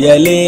Ya le...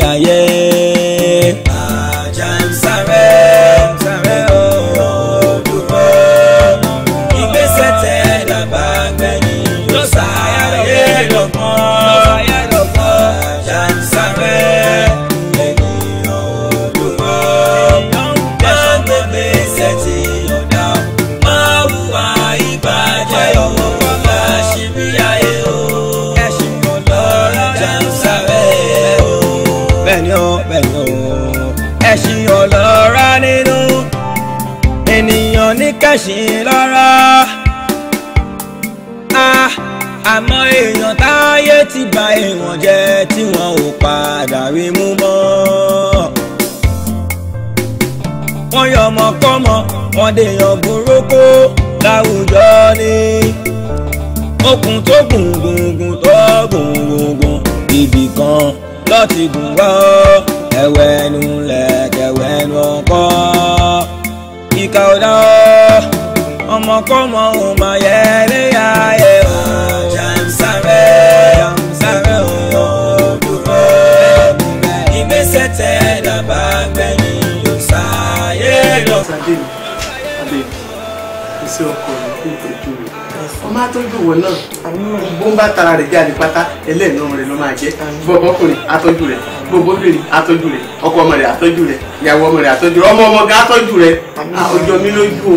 jẹ́ gbogbo ọkùnrin atọ́jú rẹ̀ gbogbo obìnrin atọ́jú rẹ̀ ọkọ ọmọ rẹ̀ atọ́jú rẹ̀ ìyàwó ọmọ rẹ̀ atọ́jú rẹ̀ ọmọ ọmọ gan atọ́jú rẹ̀ ah, ọjọ́ mi lójú o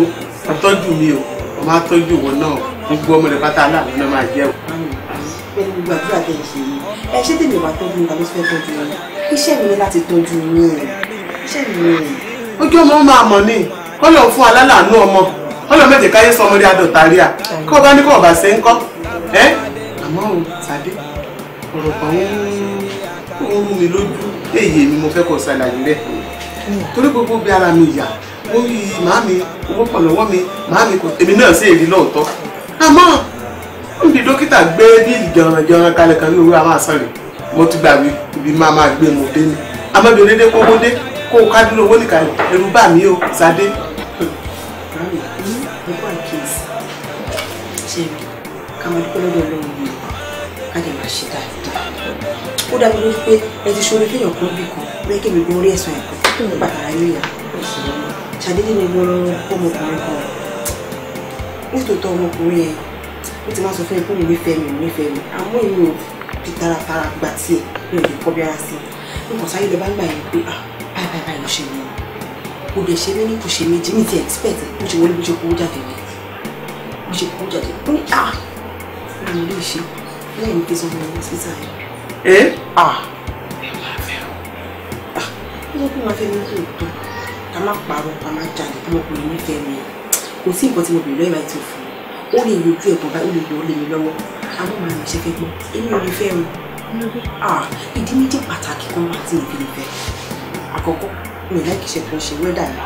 atọ́jú mi o ọmọ atọ́jú wọn náà gbogbo ọmọ rẹ̀ pátá aláàánú náà máa jẹ́ o. pẹ̀lú gbàdúrà tẹ̀ ṣe yìí ẹ ṣé tèmi bá tọ́jú nípa ló fẹ́ tọ́jú yín iṣẹ́ mi ni láti tọ́jú yín iṣẹ́ mi ni. ojú ọmọ máa mọ̀ ni kọ́ lọ fún alálàánú ọmọ kọ́ lọ mẹ́tẹ̀ẹ́káyé sọmọdé adọ̀tàríà kọ́ bá ní kọ́ ọ̀bà ṣe ń kọ́ ẹ́ àmọ́ o tàdé ọ̀rọ̀ kan ó ń rú mi lójú èyí ni mo fẹ́ kọ́ ṣàlàyé rẹ̀ torí gbogbo bí ara mi yà ó rí màámi owó pọ̀ lọ́wọ́ mi màámi kò èmi náà sì rí lóòótọ́ àmọ́ n bí dókítà gbé bíìlì jọranjọran kalẹ̀ kan ní òwúrọ̀ àwọn àṣà rẹ̀ mo ti gbà wí ibi máa máa gbé mo dé ni àmọ́ bí onídé kó wọlé kó o kájú lówó nìkan ẹ̀rù bà mí o sadé. ṣe ká máa dúpẹ́ lọ́dọ̀ ọlọ́run yìí ká lè máa ṣe dáadáa ó dàbí lójú pé ẹ ti ṣorí kéèyàn kan bí kan bẹ́ẹ̀ kí gbogbo orí ẹ̀sán ẹ̀kọ́ kí n hmm. bàtà ayé ìyá ṣàdédé ni mo lọ ọmọkùnrin kan nítòótọ́ ọmọkùnrin yẹn ó ti máa sọ fún mi pé mo nífẹ̀ẹ́ mi nífẹ̀ẹ́ mi àmọ́ èmi ò fi taratara gbà tiẹ̀ mi ò lè kọ́ bí ara sí i nǹkan sáyé lè bá gbà yẹn pé ah báyìí báyìí ló ṣe mí o lè ṣe mí ní kò ṣe méjì ní ti expect bó ṣe wọlé bó ṣe kó jáde rẹ bó ṣe kó jáde ó ní ah mi ò lè ṣe lẹ́yìn pé sọ fún mi ní yẹn. Eh? Ah. ẹ ah ó sọ pé màá fẹ́ mi kò tó ká má parọ́ ká má jalè bí ọkùnrin nífẹ̀ẹ́ mi kò sí nǹkan tí mo bèrè lọ́yìn àti òfin ó lè yọjú ẹ̀bùn báyìí ó lè yọ ọ́ lè mi lọ́wọ́ àwọn màá mi ṣe fẹ́ gbọ́ èmi ò lè fẹ́ ah, mi ìdí méjì pàtàkì kan wà tí mo fi lè fẹ́ àkọ́kọ́ mi láìkí ṣe tó ń ṣe wẹ́dà mi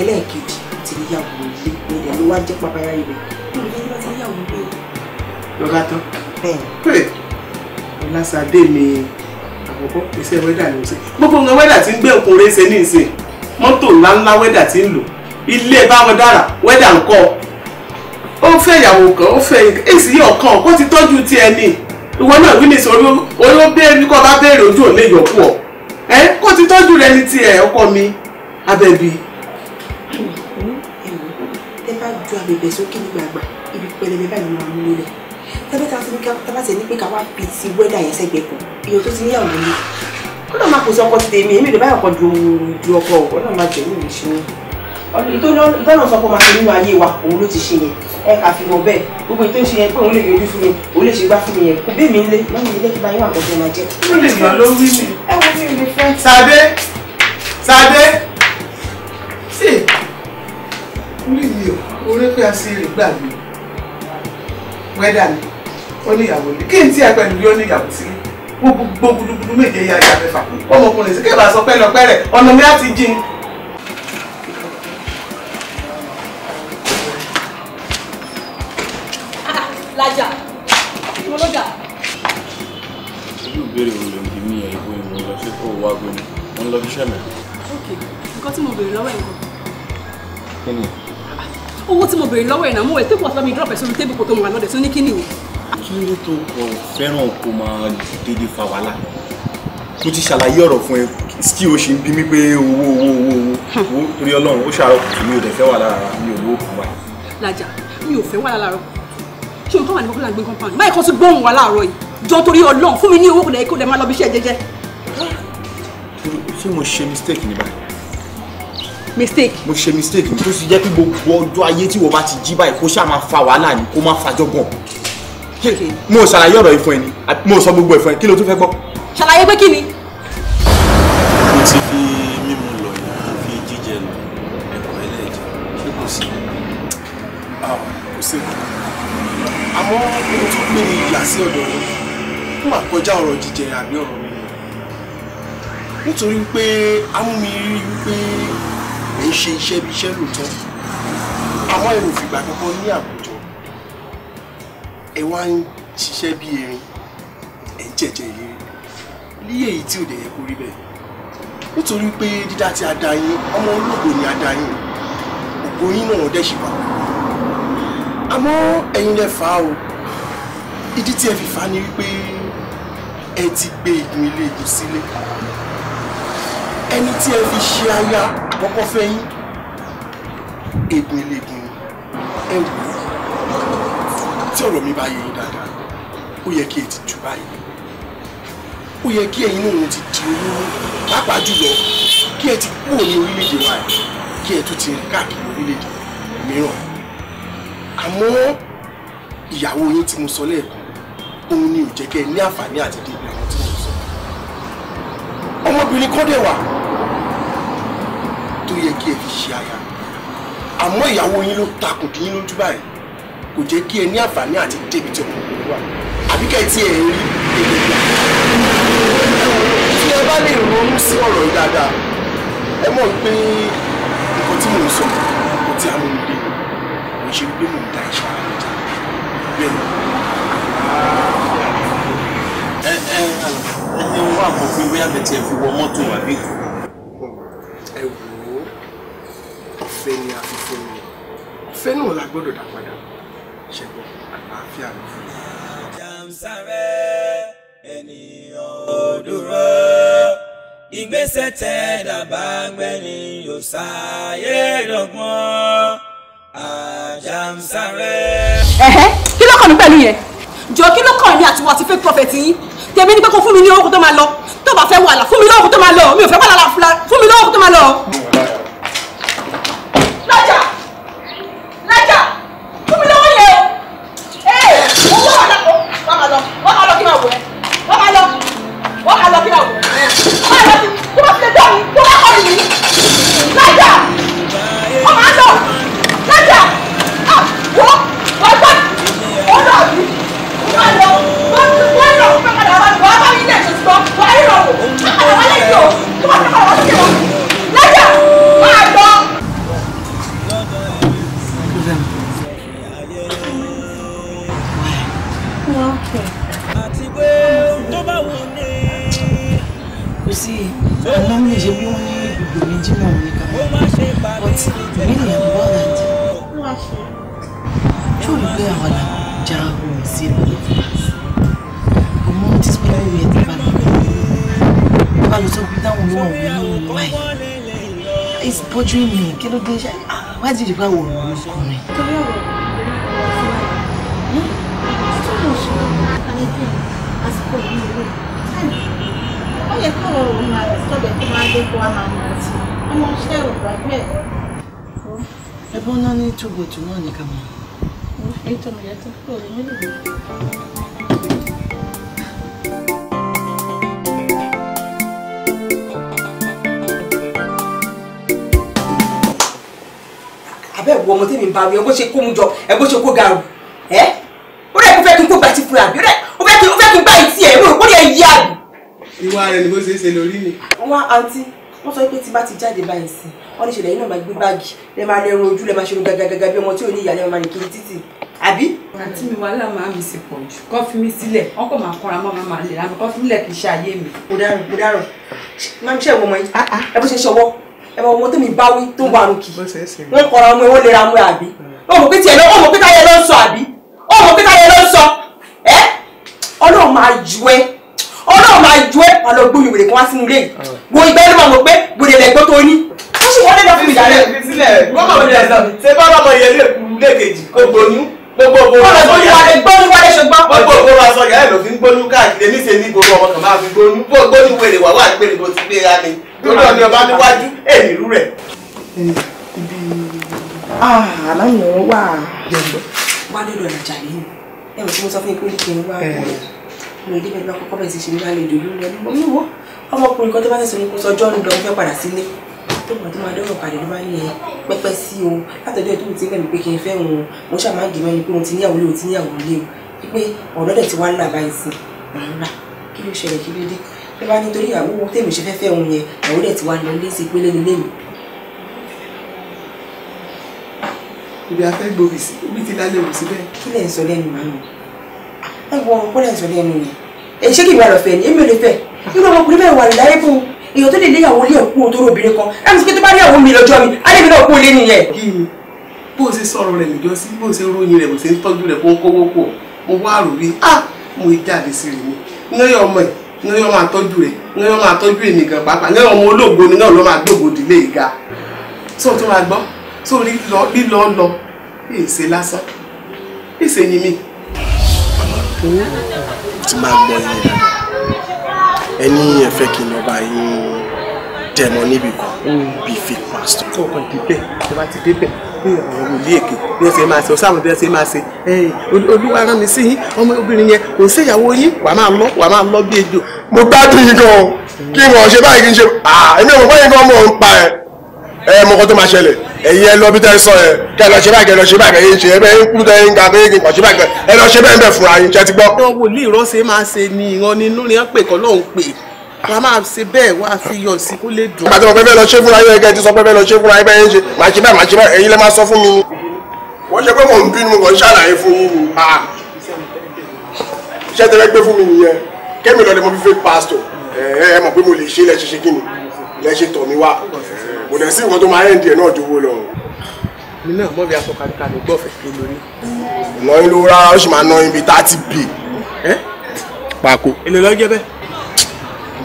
ẹlẹ́ẹ̀kejì ti níyàwó ilé ilẹ̀ ló wá jẹ́ pàbáyá ibẹ̀ lórí ẹni bá ti níyàwó ilé lọ́gá tán bẹ́ẹ̀ lásàdé mi àkọ́kọ́ iṣẹ́ wẹ́dà ni mo ṣe gbogbo nǹkan wẹ́dà ti ń gbé ọkùnrin ṣe ní ìsìn mọ́tò ńláńlá wẹ́dà ti ń lò ilé báwọn dára wẹ́dà ń kọ́ ó fẹ́ ìyàwó kan ó fẹ́ èsì yìí ọ̀kan kó ti tọ́jú ti ẹni ìwọ náà wí ní sọrí oyó béèrè kó bá béèrè ojú òun lè yọkú ọ ẹ kó ti tọ́jú rẹ ní tiẹ̀ ọkọ mi abẹ́bí. ẹ bá ju abẹ̀bẹ̀ sókè nígbàgbà ibi pẹlẹbẹ báyìí ni wọn mú lélẹ̀ tẹ́lẹ̀ ta sí ní kábàtì ní pé ká wá fi ti wẹ́dà yẹn sẹ́gbẹ̀ẹ́ kan iyọ̀ tó ti níyàwó ni ó náà máa kó sọ́kọ́ ti tèmi èmi ò lè bá ọkọ̀ ju ju ọkọ̀ ọ̀ náà máa jẹ̀mí mi ṣe ìtọ́nà sọ́kọ́ máa ṣe nínú ayé wa òun ló ti ṣe yẹn ẹ kà fi mọ bẹ́ẹ̀ gbogbo ètò ìṣe yẹn pé òun lè yọjú fún mi òun lè ṣe gbá fún mi yẹn kò bí mi lé lọ́nà ilé kí bá yín àkọ́jọ́ máa jẹ́. ó lè gbà ló wí mi. ẹ wo mi ò lè fẹ́. Ṣadé Ṣadé sí orí yìí o orí pé a ṣe lè gbà mí wẹ́dà ni ó ní ìyàwó ní kí n tí ẹgbẹ́ ìlú yóò ní ìyàwó sílé gbogbo gbogbo méje ya ìyá mẹ́fà ọmọkùnrin sí kébà sọ pẹ́lọpẹ́ rẹ̀ ọ̀nà mi á ti jin. Ah, lajà ìwọ lọ́jà. irú ìbéèrè wo ló ń bí mi ẹ̀ ìwé ìwé lọ sí kó wá gbé ni wọ́n ok nǹkan tí mo béèrè lọ́wọ́ ẹ̀ nǹkan. kí ni. Ah, owó tí mo béèrè lọ́wọ́ ẹ̀ náà mo wẹ̀ tébù ọ̀sán mi drop ẹ̀ sórí tébù kò tó mọ̀ àná dẹ̀ tó kí ló tó kọ fẹ́ràn kó máa dédé fa wàhálà mo ti ṣàlàyé ọ̀rọ̀ fún ẹ tí o ṣe ń bí mi pé owó owó owó owó torí ọlọ́run ó ṣàrọ̀ kùtù mi ò dẹ̀ fẹ́ wà lára mi ò lówó kù wá. làjà mi ò fẹ́ wà lára ṣé o tó wà ní kókó làgbé compound báyìí kan tún gbóhùn wà láàárọ̀ yìí jọ torí ọlọ́run fún mi ní owó kò dẹ̀ kó dẹ̀ máa lọ bí iṣẹ́ jẹ́jẹ́. ṣé mo ṣe mistake ní báyìí mistake. mo ṣe mistake ní tó sì jẹ́ pé gbogbo ọjọ́ ayé tí wọ́n bá ti jí báyìí kó ṣáà máa fa wàhálà ní kó má fàjọgbọ̀n mo ṣàlàyé ọ̀rọ̀ yìí fún ẹ ni mo sọ gbogbo ẹ̀ fún ẹ kí ló tún fẹ́ gbọ́. ṣàlàyé pé kí ni. mo ti fi mímu lọ yàrá fi jíjẹ lọ ẹ̀kọ́ ẹlẹ́jẹ̀ ṣé kò sí. Ah, kò sí àmọ́ mo tún pè é sí ọ̀dọ̀ rẹ̀ kó má ọ̀rọ̀ jíjẹ àbí ọ̀rọ̀ mi nítorí pé amúmirí wípé ẹ̀ ń ṣe iṣẹ́ bí iṣẹ́ lóòótọ́ àmọ́ ẹ̀ ò fìgbà kankan ní àbúrò ẹ wá ń ṣiṣẹ́ bí erin ẹ ń jẹ̀jẹ̀ ìrírí ní èyí tí ò dẹ̀ yẹ kó rí bẹ́ẹ̀ nítorí pé dídá tí a dá yín ọmọ ológo ni a dá yín ògo yín náà dẹ̀ ṣì wà àmọ́ ẹ̀yin lẹ fà á o ìdí tí ẹ fi fà á ni wípé ẹ ti gbé igun ilé igun sílé ẹni tí ẹ fi ṣe aya kọ́kọ́ fẹ́ yín ilé igun ẹ wò ó tí ọ̀rọ̀ mi bá yé yín dáadáa ó yẹ kí ẹ ti jù báyìí ó yẹ kí ẹ̀yin náà ti di olówó pàápàá jùlọ kí ẹ ti kúrò ní orílẹ̀-èdè wa yìí kí ẹ tún ti rìn káàkiri orílẹ̀-èdè mìíràn àmọ́ ìyàwó yín tí mo sọ lẹ́ẹ̀kan òun ni ò jẹ́ kẹ́ ẹ ní àǹfààní àti débi àwọn tí mo sọ ọmọbìnrin kọ́ dẹ̀ wà tó yẹ kí ẹ fi ṣe aya àmọ́ ìyàwó yín ló takùn dín yín lójú báyìí kò jẹ́ kí ẹ ní àǹfààní àti débi tó kù wà àbí kẹ́ ẹ ti ẹ̀ rí èdè gbà. tí ẹ bá lè ronú sí ọ̀rọ̀ yìí dáadáa ẹ mọ̀ pé nǹkan tí mò ń sọ kò tí a mú mi dé kò ṣe pé mò ń da ìṣe ara mi jà bẹ́ẹ̀ ni. ẹ ẹ ẹni wà mọ̀ pé bóyá bẹ̀ tí ẹ fi wọ mọ́tò wà bí. ẹ wò ó ọ̀fẹ́ ni a fi fún mi ọ̀fẹ́ náà la gbọ́dọ̀ dá padà ṣẹ̀gbọ́n àlàáfíà ló fún mi. Jamsare ènìyàn ò dúró ìgbésẹ̀ tẹ́ dàbá gbẹ́ni yóò ṣàyè dọ́gbọ́n Àjàmsáré. ẹ̀hẹ́ kí ló kàn mí pẹ̀lú yẹn jọ kí ló kàn mí àti àti fake prophet yín tèmi ni pé kó fún mi ní owó kó tó máa lọ tó bá fẹ́ wàhálà fún mi lówó kó tó máa lọ mi ò fẹ́ wàhálà fún mi lówó kó tó máa lọ. wá dìde bá wò ó lọkùnrin. torí ọ̀rọ̀ àsìkò yìí ló ó yẹ kí ọ̀rọ̀ òun máa rẹ̀ sọ́bẹ̀ kó máa dé to wá máa mú àti ọmọ iṣẹ́ òògùn abẹ́ ẹ̀. ẹbọn náà ní túbọ̀ tù náà ní ká máa. èyí tó mọ̀ gbogbo ọmọ tèmi bá wí ẹ bó ṣe kó mu jọ ẹ bó ṣe kó ga o ẹ ó rẹ kó fẹ́ kí n kó gba ti fura bí ó rẹ ó fẹ́ kí ó fẹ́ kí n gba ìtì ẹ ó rẹ yí àbí. ìwà rẹ ni bó ṣe ń ṣe lórí mi. wọn àǹtí wọn sọ pé tí bá ti jáde báyìí sí wọn ní ìṣẹ̀lẹ̀ yìí náà máa gbé báàgì lẹ máa lẹrun ojú lẹ máa ṣe gàgàgàgà bí ọmọ tí ò ní ìyá lẹ máa rìn kiri títì àbí. àǹtí mi wàhálà máa mi sì pọ̀ jù kọ́ fi mi sílẹ̀ wọn kò máa kọ́ra mọ́ máa lè ra mi kọ́ fi mi lẹ̀ kì í ṣe ayé mi. mo dárò mo dárò máa ń ṣe ìwọ ọmọ yìí ah, ah. ẹ bó ṣe ṣọwọ́ ẹ bá ọmọ tó mi bá wí tó ń bá arun kì í wọn kọra ọmọ ìwọ lera mú àbí hmm. ọmọ pété ẹ lọ ọmọ pété ayé ló ń sọ àbí ọmọ pété ayé ló ń sọ ẹ ọlọ́run máa ju ẹ ọlọ́run máa ju ẹ àlọ́ gbóyè wèrè kan wá sínú ilé yìí hmm. wo ìgbà ẹni máa mọ̀ pé gbòdè lẹ́gbẹ́ tó ní wọ́n sì wọlé lọ fún ìdálẹ́. gbọ́dọ̀ mi lẹ̀ sọ ṣé bá bàbá yẹn lè lórí ọ̀nà ọba níwájú èyí rú rẹ̀. ibi ah, aláwọ̀ ọ̀rọ̀ wà yẹ̀lọ. wá lọ́dọ̀ ìrajà yìí ẹ mọ̀ tí mo sọ fún yín pé ó kí n wá ọ̀rọ̀ mo lè débẹ̀ bá kọ́kọ́ bẹ̀rẹ̀ sí ṣe nílá lè dòdò lọ nígbà mi wò ọmọkùnrin kan tó bá tẹ̀sọ̀ ní kó sọ john lọ fẹ́ padà sílé tó mọ̀ tó máa dọ́rọ̀ padà ló bá ní ẹ pẹ́pẹ́ sí o látọ̀jọ́ tó ti rẹ̀ mí pé kí n fẹ́ wọn mo ṣàmá dì mọ́ ni pé mo ti níyàwó lé o ti níyàwó lé o pé ọ̀dọ́dẹ̀ ti wá ń là báyìí sí i rà kí ló ṣẹlẹ̀ kí ló dé ló bá nítorí ìyàwó wo tèmi ṣe fẹ́fẹ́ òun yẹn ìyàwó dẹ̀ ti wá lọ léṣe pé lẹ́nu lẹ́nu. ibi afẹ́ gbòòbì sí ibi tí lálẹ́ òun síbẹ̀. kí lẹ̀ ń sọ lẹ́nu màmú ẹ wọ ọkọ lẹ̀ ń sọ lẹ́nu yẹn ẹ ṣé kí ìgbà lọ fẹ́ ni èmi ò lè fẹ́ irú ọmọkùnrin mẹ́rin wà láyé fún èèyàn tó lè léyàwó lé ẹ̀kú tó obìnrin kan láti pé tó bá léyàwó mi lọ́jọ́ mi alẹ́ mi náà kú lé nìyẹn. kí ni bó o ṣe sọ̀rọ̀ rẹ̀ lọ́jọ́ sí bó o ṣe ròyìn rẹ̀ bó o ṣe ń tọ́jú rẹ̀ o kówó pọ̀ mo wá rò rí ah mo jáde sí rèé ní ọyọ ọmọ yìí ní yóò máa tọ́jú rẹ̀ ní yóò máa tọ́jú èmi gan pàápàá ní ọmọ olóògbé ni náà ló máa gbógo ìdílé ìga tó tó máa gbọ́ tó lílọ lílọ lọ èsè lásán èsè yín mi. ti máa gbọ́ yín dáadáa ẹni ẹ fẹ́ kí n ọba yín dẹ̀mọ́ níbì kan bí fake pastor. kọ̀ọ̀kan débẹ̀ tí wọ́n ti débẹ̀ bí ọ̀rọ̀ wòlíì èké bí ẹ ṣe máa ṣe ọ̀sán bí ẹ ṣe máa ṣe olúwa rán mi sí yín ọmọ obìnrin yẹn kò sí yín wàá máa lọ wàá máa lọ bí ejò. mo gbádùn yín gan kí wọn ṣe báyìí kí n ṣe èmi ò mọ báyìí gan mọ ń pa ẹ ẹ mọ nǹkan tó máa ṣẹlẹ̀ ẹ̀yin ẹ lọ bí tẹ sọ ẹ kẹ lọ ṣe báyìí kẹ lọ ṣe báyìí kẹ ṣe ẹ bẹ ń kú tẹ ń ga pé kí n ṣe báyìí kẹ lọ ṣe bẹ́ẹ̀ bẹ́ẹ̀ fúnra wà máa ṣe bẹ́ẹ̀ wá fi yọ sí kó lè dùn. àti ọ̀pẹ́ bẹ́ẹ̀ lọ ṣe fúnra yín ẹgẹ́ ti sọ pé bẹ́ẹ̀ lọ ṣe fúnra yín bẹ́ẹ̀ ṣe màá ṣe bẹ́ẹ̀ màá ṣe bẹ́ẹ̀ ẹ̀yin lẹ́ máa sọ fún mi. wọ́n ṣe pé mò ń bínú wọ́n ṣàlàyé fún yín ni. iṣẹ́ tẹ́lẹ̀ gbé fún mi nìyẹn kémi lọ́dẹ mo fi fẹ́ pásítọ̀ ẹ ẹ mọ̀ pé mo lè ṣe lẹ́ṣẹ̀ ṣe kí ni lẹ́ṣẹ̀ tọ̀ mi wá kò dẹ̀ sí nǹkan tó máa ẹ̀ǹdì ẹ̀ náà jowó lọ. mi náà mọ̀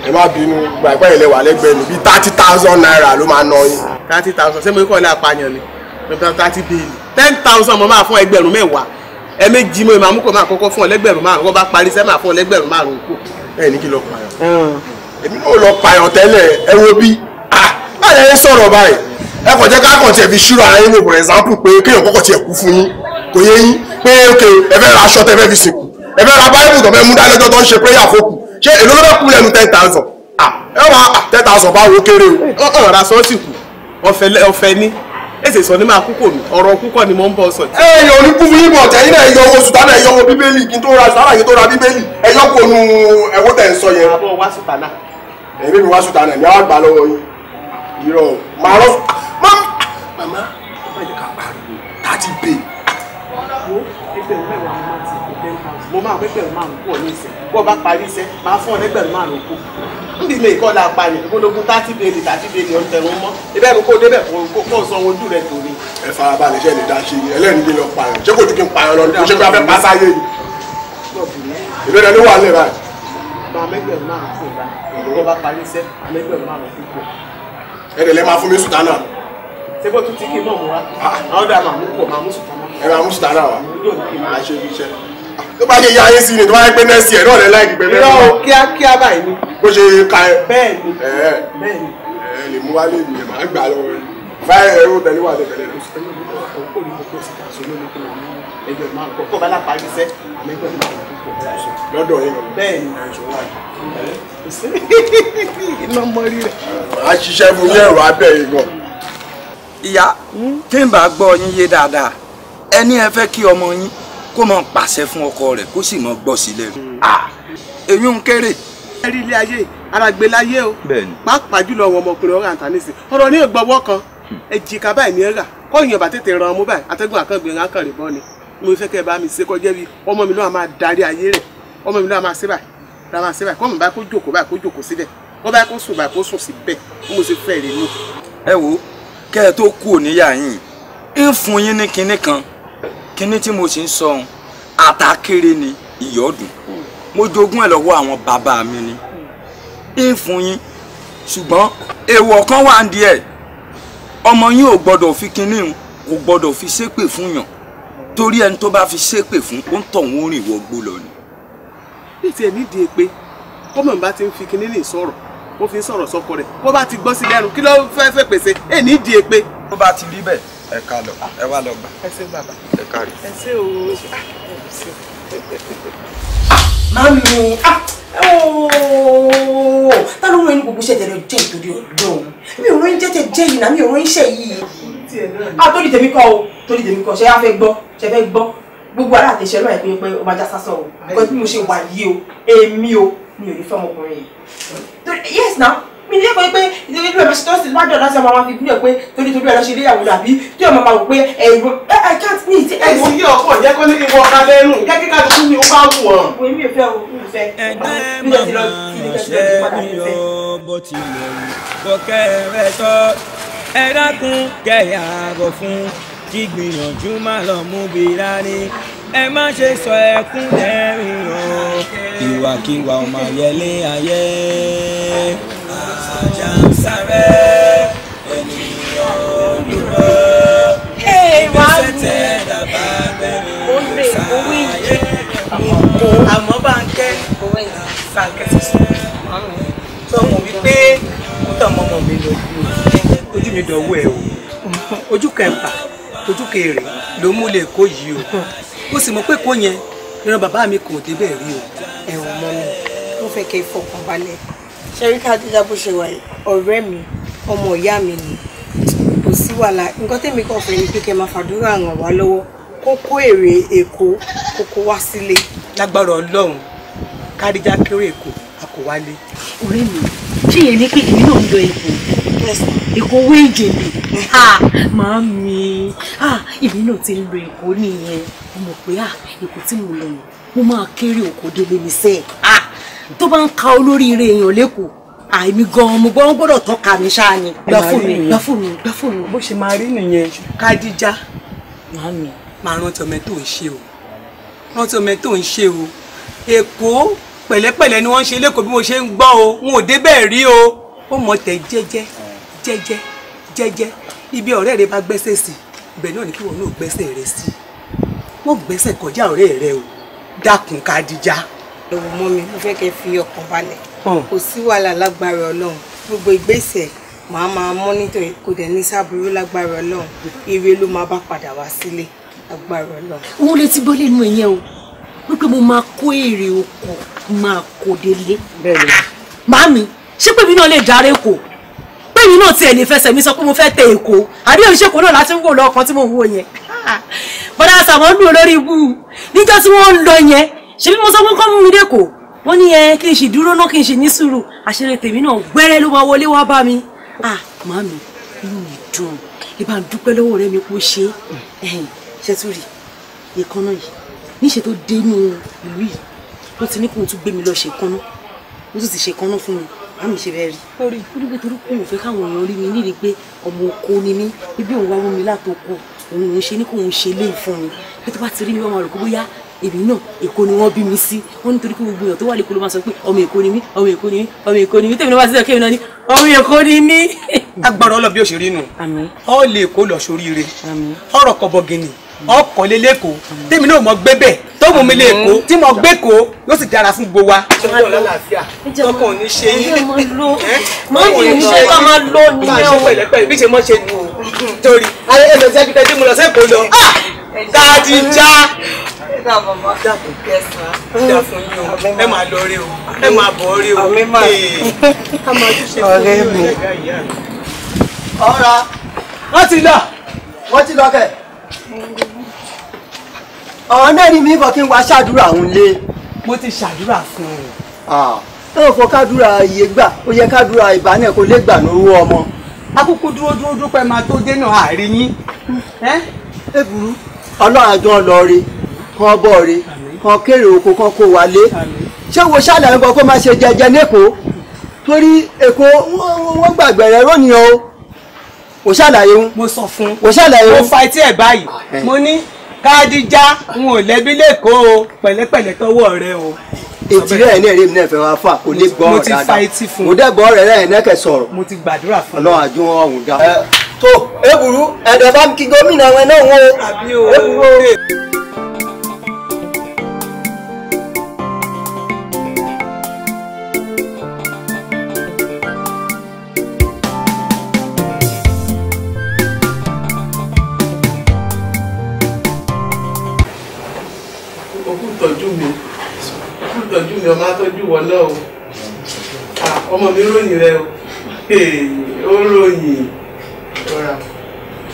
ẹ má bínú gba ìpẹ́ yẹn lẹ́wà lẹ́gbẹ̀ẹ́ mi bíi thirty thousand naira ló máa ná yín. thirty thousand ṣé mo kọ́ ilé apààyàn ni thirty bíi ten thousand mo máa fún ẹgbẹ̀rún mẹ́wàá ẹ méjì mo máa mú kó máa kọ́kọ́ fún ọ lẹ́gbẹ̀rún márùn-ún bá parí sẹ́ máa fún ọ lẹ́gbẹ̀rún márùn-ún kù. bẹ́ẹ̀ ni kí lọ pààyàn. èmi náà lọ pààyàn tẹ́lẹ̀ ẹ wo bí báyìí ẹ sọ̀rọ̀ báyìí ẹ kàn jẹ́ ká tiẹ̀ fi ṣírò ara yín for example pé kéèyàn kọ́kọ́ tiẹ̀ kú fún yín kò yé yín pé ok ẹ fẹ́ ra aṣọ tẹ fẹ́ fi sìnkú ẹ fẹ́ ra báyìí tó fẹ́ mú dálẹ́jọ́ tó ń ṣe prayer fókù ṣé èló ló bẹ kú lẹ́nu ten thousand ah ẹ ah, ten thousand kéré o ọ̀hún ra kù ọ̀fẹ́ ní sọ ní máa kú kò ní ọ̀rọ̀ ni mo ń bọ̀ sọ. ẹ ẹ yọ ní kúfù yìí bọ̀ tẹ̀yìn náà ẹ̀yọ owó sùtánà ẹ̀yọ owó bíbélì kí n tó ra sàrà yìí tó ra bíbélì nu tẹ̀ ń sọ yẹn. àbọ̀ wá márùn pẹ́gbẹ̀rún márùn kú ọ ìsìn bó o bá parí iṣẹ́ máa fún ọ lẹ́gbẹ̀rún márùn kú níbi ilé ìkọlà apààyàn ìgbódógún tàti bèèlì tàti bèèlì ọ̀ntẹ̀rún mọ́ ibẹ̀ ló kó débẹ̀ kó sọ ojú rẹ̀ torí. ẹ farabalẹ̀ iṣẹ́ lè dá ṣe ẹlẹ́rìí lè lọ pààyàn ṣé kò ju kí n pààyàn lọ ṣé kí a fẹ́ pásáyé yìí. ìbéèrè ló wà lẹ́ báyìí. bá a mẹ́gbẹ̀rún márùn-ún kò bá ìgbó bá parí iṣẹ́ mẹ́gbẹ̀rún márùn-ún kò. ẹ dẹ̀ lẹ́ máa fún mi sùtánà. ṣé bó tún ti kí mọ̀ mú wa? Ah. àwọn dà máa mú pọ̀ máa mú sùtánà. ẹ máa mú sùtánà wa tó bá ṣe ya ayé sí ni tó bá yẹ pé nẹ́ẹ̀sì ẹ̀ náà lẹ́ láì gbẹ mẹ́rin. irọ́ o kíákíá báyìí ni. bó ṣe ka ẹ. bẹ́ẹ̀ni bẹ́ẹ̀ni. ẹ ẹ lè mú wálé mi ẹ máa gbà lọ́wọ́ ẹ báyìí ẹ ó tẹ̀lé wà lẹ́tẹ̀lẹ́ lọ. lọ́dọ̀ yẹn bẹ́ẹ̀ni iná mọ́rí rẹ̀. a ṣiṣẹ́ fún yẹn ẹ̀rọ abẹ́ yìí gan. ìyá hmm? tí n bá gbọ́ yín yé dáadáa ẹni ẹ fẹ́ kí ọmọ yín kó mọ pàṣẹ fún ọkọ rẹ̀ kó sì mọ gbọ́ sí lẹ́nu. èyí ń kéré. ẹ rí ilé ayé aragbè láyé o pàápàá jùlọ àwọn ọmọkùnrin ọ̀rọ̀ àǹtánísì ọ̀rọ̀ ní ìgbọ̀wọ́ kan èjìká hmm. báyìí ní ẹ̀rà kọ́yìn ọ̀bà tètè ran ọmú báyìí atẹ́gùn àkàngbìn akànrìn bọ́ ni mo fẹ́ kẹ́ ẹ bá mi ṣe kọjá bí ọmọ mi náà máa darí ayé rẹ̀ ọmọ mi náà máa ṣe báyìí ra máa ṣe báyìí kọ́mọ̀ báyìí kó jókòó báyìí kó jókòó síbẹ̀ wọ́n báyìí kó sùn báyìí kó sùn síbẹ̀ mo ṣe fẹ́ rè nù. ẹ wo kẹ́ ẹ tó kú òníyà yìí ń fún yín ní kinní kan kíní tí mo sì ń sọ àtàkèrè ni ìyọ́dún mo jogún ẹ̀ lọ́wọ́ àwọn bàbá mi ni ń fún yín ṣùgbọ́n èèwọ̀ kan wà ń díẹ̀ ọmọ yín ò gbọ́dọ̀ fi kíní hun kò gbọ́dọ̀ fi ṣépè fún yàn torí ẹni tó bá fi ṣépè fún ó ń tọ̀hún orin ìwọ gbó lọ ni. bí tiẹ̀ nídìí pé kọ́mọ̀ bá ti ń fi kíní lè sọ̀rọ̀ wọ́n fi ń sọ̀rọ̀ sọ́kọ rẹ̀ wọ́n bá ti gbọ́ sí lẹ́nu kí ló fẹ́ fẹ́ pèsè ẹ̀ nídìí pé tó bá ti rí bẹ́ẹ̀ ẹ ká lọ ẹ wá lọ gbà. ẹ ṣé bàbá ẹ kárí. ẹ ṣé o mami ah, o ta ló ń ròyìn gbogbo iṣẹ́ tẹ̀lé jẹ́ ìtòdì ọ̀dọ́n mi ò ròyìn jẹ́jẹ́ jẹ́ yìí náà mi ò ròyìn iṣẹ́ yìí. a torí tèmi kọ́ o torí tèmi kọ́ ṣe é fẹ́ gbọ́ ṣe fẹ́ gbọ́ gbogbo ara àtẹ̀ṣẹ́ lọ́ọ̀ ẹ̀pin pé ọba já sásán o kọ́ bí mo ṣe wà yìí o èmi o mi ò ní fẹ́ ọmọkùnrin yìí yes now mi lè pé pé ìlú ẹ̀ bẹ́sẹ̀ tọ́sí ládùn ọ̀dá sí ọmọ àwọn ìbílẹ̀ pé torí torí ọ̀dá ṣe ilé ìyàwó àbí tí ọmọ máa wò pé ẹ̀rọ I can't ní ìtí ẹ̀sìn. èyí ọkọ jẹ́ kó ní ìwọ ọ̀ka lẹ́nu jẹ́ kíkà tó ní ó wù ọ́. èmi ò fẹ́ o mi ò fẹ́. ẹ̀dẹ́ ẹ má ṣe sọ ẹkún lẹ́rìn-ín o ìwàkiwà ọmọ ayẹlé ayé àjàǹsáré ènìyàn olùrọ ìgbésẹ̀ tẹ dàbà bẹ̀rẹ̀ sáyé àmọ́ báńkẹ́ báńkẹ́ sọ ojú kẹfà ojú kẹrẹ ló mú lè kó yìí o mo sì mọ̀ pé kó yẹn ìran bàbá mi kò débẹ̀ rí o ẹ̀wọ̀n mọ́ mi mo fẹ́ kẹ́ fọkàn balẹ̀ ṣẹ́rí Khadija bó ṣe wà yìí ọ̀rẹ́ mi ọmọ ìyá mi ni kò sí wàhálà nǹkan tèmi kàn fẹ́ ni pé kẹ́ máa fàdúrà ràn wá lọ́wọ́ kó kó èrè èkó kó kó wá sílé. lágbára Ọlọ́run Khadija kéré èkó a kò wálé. ọ̀rẹ́ mi ṣé yẹn ní pé èmi náà ń lọ èkó èkó owó ìjèlè máa mi èmi náà ti ń lọ èkó nìyẹn mo mọ̀ pé èkó tí mo lọ yìí mo máa kéré òkò délé mi sẹ́ẹ̀ tó bá ń ka olóríire èèyàn lẹ́kọ̀ọ́ àìmí gan-an mo gbọ́n gbọ́dọ̀ tọ́ka mi ṣáá ni. gbà fún mi gbà fún mi gbà fún mi. bó ṣe máa rí nìyẹn kádíjà máa rántí ọmọ tó ń ṣe o rántí ọmọ tó ń ṣe o èkó pẹ̀lẹ́pẹ̀lẹ́ ni wọ́n ṣe lẹ́kọ̀ọ́ bí mo ṣe ń gbọ́ o n ò débẹ̀ rí o ó mọ̀ tẹ̀ jẹ́jẹ́ jẹ́jẹ́ jẹ́jẹ́ ibi ọ̀rẹ́ rẹ bá gbẹ́sẹ̀ sí ibẹ̀ náà ni kí wọn náà gbẹ́sẹ̀ rẹ sí wọ́n gbẹ́sẹ̀ kọjá ọ̀rẹ́ rẹ o dákun kádíjà ẹ̀wù mọ́ mi mo fẹ́ kẹ́ fi ọkàn balẹ̀ kò sí wàhálà lágbára ọlọ́run gbogbo ìgbésẹ̀ màá máa mọ́ nítorí kò dẹ̀ ní sábúrú lágbára ọlọ́run eré ló máa bá padà wá sílé lágbára ọlọ́run. òun lè ti bọ́ lẹ́nu ẹ̀yẹn o wípé mo máa kó èrè oko máa kó délé. bẹ́ẹ̀ni. màámi ṣé pé mi náà lè darí èkó pé mi náà tiẹ̀ ní fẹsẹ̀ mi sọ pé mo fẹ́ tẹ èkó àbí òṣèkó náà láti ń wò lọ́ọ̀kan tí mo wò yẹn. bọ́dà sàmọ́ ń lò lórí ibú níjọ́ tí wọ́n ń lọ yẹn ṣe bí mo sọ pé kọ́ mú mi dẹ́kọ̀ wọ́n ní ẹ kí n ṣì dúró náà kí n ṣì ní sùúrù àṣírí tèmi náà gbẹ́rẹ́ ló máa wọlé wá bá mi. ah màmí inú mi dùn ìbá dúpẹ́ lọ́wọ́ rẹ mi kó ṣe é ṣe tún rí ìkànnà yìí níṣẹ́ tó dé inú ìlú yìí wọ́n ti ní kí n tún gbé mi lọ ṣe kánná wọ́n tún ti ṣe kánná fún mi àmì ṣe bẹ́ẹ̀ rí. orí olùgbé torí kò fẹ́ káwọn èèyàn rí mi nílé pé ọmọ oko ni mí bíbí òun wá wọ́n mi látòkò òun òun ṣe ní kò ń ṣe léè fún mi pé tó bá ti rí mi wọ́n máa rò kó bóyá èmi náà èkó ni wọ́n bí mi sí wọ́n nítorí pé gbogbo èèyàn tó wà lẹ́kọ̀ọ́ ló máa sọ pé ọmọ èkó ni mí ọmọ èkó ni mí ọmọ èkó ni mí tèmi náà wá sí ọkẹ́ mi náà ni ọmọ èkó ni mí. agbára ọlọ́bí òṣèré nù ọ lè kó lọ sóríire ọ̀rọ̀ kọbọgìnì ọkọ̀ lé lẹ́kọ̀ọ́ tèmi náà mọ gbé bẹ̀ tó mú mi lẹ́kọ̀ọ́ tí mo gbé kó yóò sì dára fún gbogbo wa. ọkọ̀ ní ṣe yín. má yìí ní ṣe ká máa lọ nìyẹn o. má ṣe pẹ̀lẹ́pẹ̀lẹ́ bí ṣe mọ́ ṣe nù. torí ẹ lọ sí ẹgbẹ́ tí mo lọ sẹ́kọ̀ọ́ lọ. Ah! dáàdì já ẹ máa lọ rí o ẹ máa bọ̀ rí o ọ̀rẹ́ mi. ọ̀rọ̀ wọ́n ti lọ wọ́n ti lọ kẹ́ ọ̀rọ̀ náà ni mi kọ́ kí n wá ṣàdúrà òun lé mo ti ṣàdúrà fún un táwọn fọ kádúrà iye gbà ó yẹ kádúrà ìbá náà kò lè gbà lówó ọmọ. akókó dúró dúró dúpẹ́ máa tó dé náà àárín yín. ẹ burú ọlọ́run àjọ lọ rí kan bọ̀ rí kan kéré oko kan kó wálé ṣé wo ṣàlàyé nǹkan kó máa ṣe jẹjẹ lẹ́kọ̀ọ́ torí èkó wọ́n gbàgbẹ́ rẹ̀ rònìyàn o kò ṣàlàyé wọn. mo sọ fún un kò ṣàlàyé wọn. mo fa etí ẹ̀ báyìí mo ní káàdìjà n ò lẹ́bí lẹ́kọ̀ọ́ o pẹ̀lẹ́pẹ̀lẹ́ tọwọ́ rẹ o etí rẹ̀ ní èrè mi náà fẹ́ wá fà kò ní gbọ́ ọ̀rẹ́ dáadáa mo dẹ́ gbọ́ ọ̀rẹ́ rẹ̀ nẹ́kẹ̀ sọ̀rọ̀ mo ti gbàdúrà fún un ọlọ́run àjọ ọ̀hún dá tó eburu ẹ̀dọ̀ bá mi kí gómìnà wọn náà wọ́n o eburu o. mi ọmọ atọ́jú wọ náà o ah, ọmọ mi ròyìn rẹ o ó ròyìn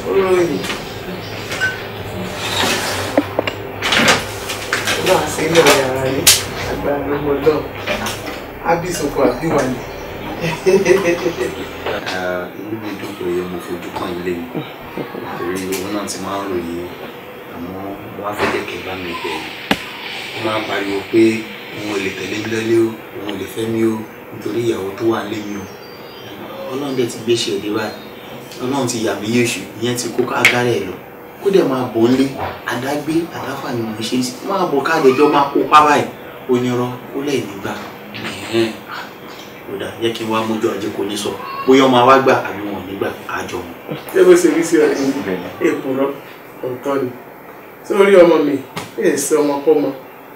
olóyè náà sí ilé ọ̀rẹ́ ara yìí agbára lọ́mọ náà ábísòkò àbíwá ni. inú mi dùn pé mo fojú kan ilé mi torí òun náà ti máa ń ròyìn àmọ́ wọ́n á fẹ́ jẹ́ kí n bá mi bẹ̀rẹ̀ wọ́n máa ń pariwo pé òun ò lè tẹ̀lé mi lọ́lé o òun ò lè fẹ́ mi o nítorí ìyàwó tó wà báyìí ọlọ́run ti yà mí yéṣu ìyẹn ti kó agárẹ̀ lọ kó dẹ̀ máa bọ̀ ń lé àdágbé àdáfà ni mò ń ṣe máa bọ̀ káàdéjọ́ máa kó pábà yìí onírọ́ ó lẹ̀ nígbà kódà yẹ kí n wá mójú ajé kò ní sọ bóyá ọmọ wa gbà àbí wọn ò ní gbà àjọ wọn. ṣé bó ṣe rí sí ọdún èkùrọ ọ̀tọ̀ ni sórí ọmọ mi èsì ọmọkọ́mọ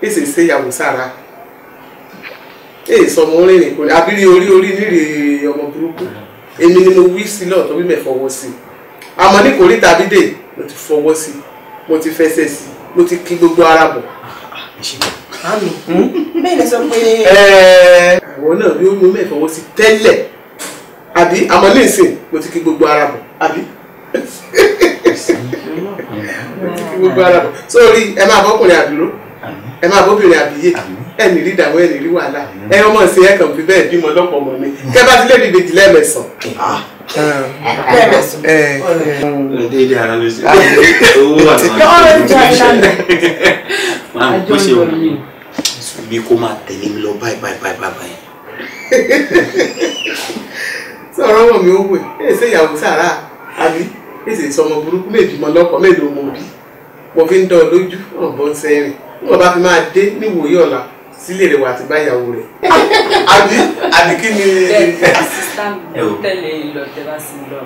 èsì ṣe ìyàwó sára èsì ọmọ orin nìkan àbí orí orí nírè ọmọ burúkú èmi ni mo wí sí lọ́ọ̀tọ́ wímẹ̀ fọwọ́ sí àmọ́ ní kòríta bídè mo ti fọwọ́ sí mo ti fẹsẹ̀ sí mo ti kí gbogbo ara bọ̀. àmì hmm? bẹ́ẹ̀ lẹ sọ pé. àwọn náà bí ó mú mẹ́ fọwọ́ sí tẹ́lẹ̀ àbí àmọ́ ní ìsìn mo ti kí gbogbo ara bọ̀ àbí. mo ti kí gbogbo ara bọ̀ sórí ẹ máa bọ́kùnrin àdúró ẹ máa bóbìnrin àbíyè ẹ nìrí ìdààmú ẹ nìrí wàhálà ẹ ọmọ ìsìn ẹ kàn fi bẹ́ẹ̀ bímọ lọ́pọ̀ ọmọ ni kẹ bá ti lè dìde jù lẹ́ẹ̀mẹsàn. lẹ́ẹ̀mẹsàn. déédéé ara ló ṣe owó àtàwọn ọmọ ìṣẹ̀lẹ̀ máa ń kó ṣe wọn bí kò máa tẹ̀lé mi lọ báyìí báyìí báyìí báyìí. sọ̀rọ̀ ọmọ mi ò wẹ̀ ẹ̀ ṣe ìyàwó sàrà àbí èsì ìsọmọ burúkú méjì mọ́ lọ́pọ̀ mélòó mo bí mo fi ń dán ọ lójú ọ̀bọ̀n sẹ́rìn ní wọn bá fi máa dé níwòye ọ̀la sílé rẹ̀ wà àti báyàwó rẹ̀ àbí àbí kí ni. bẹ́ẹ̀ sísá mi ló tẹ̀lé lọ sí lọ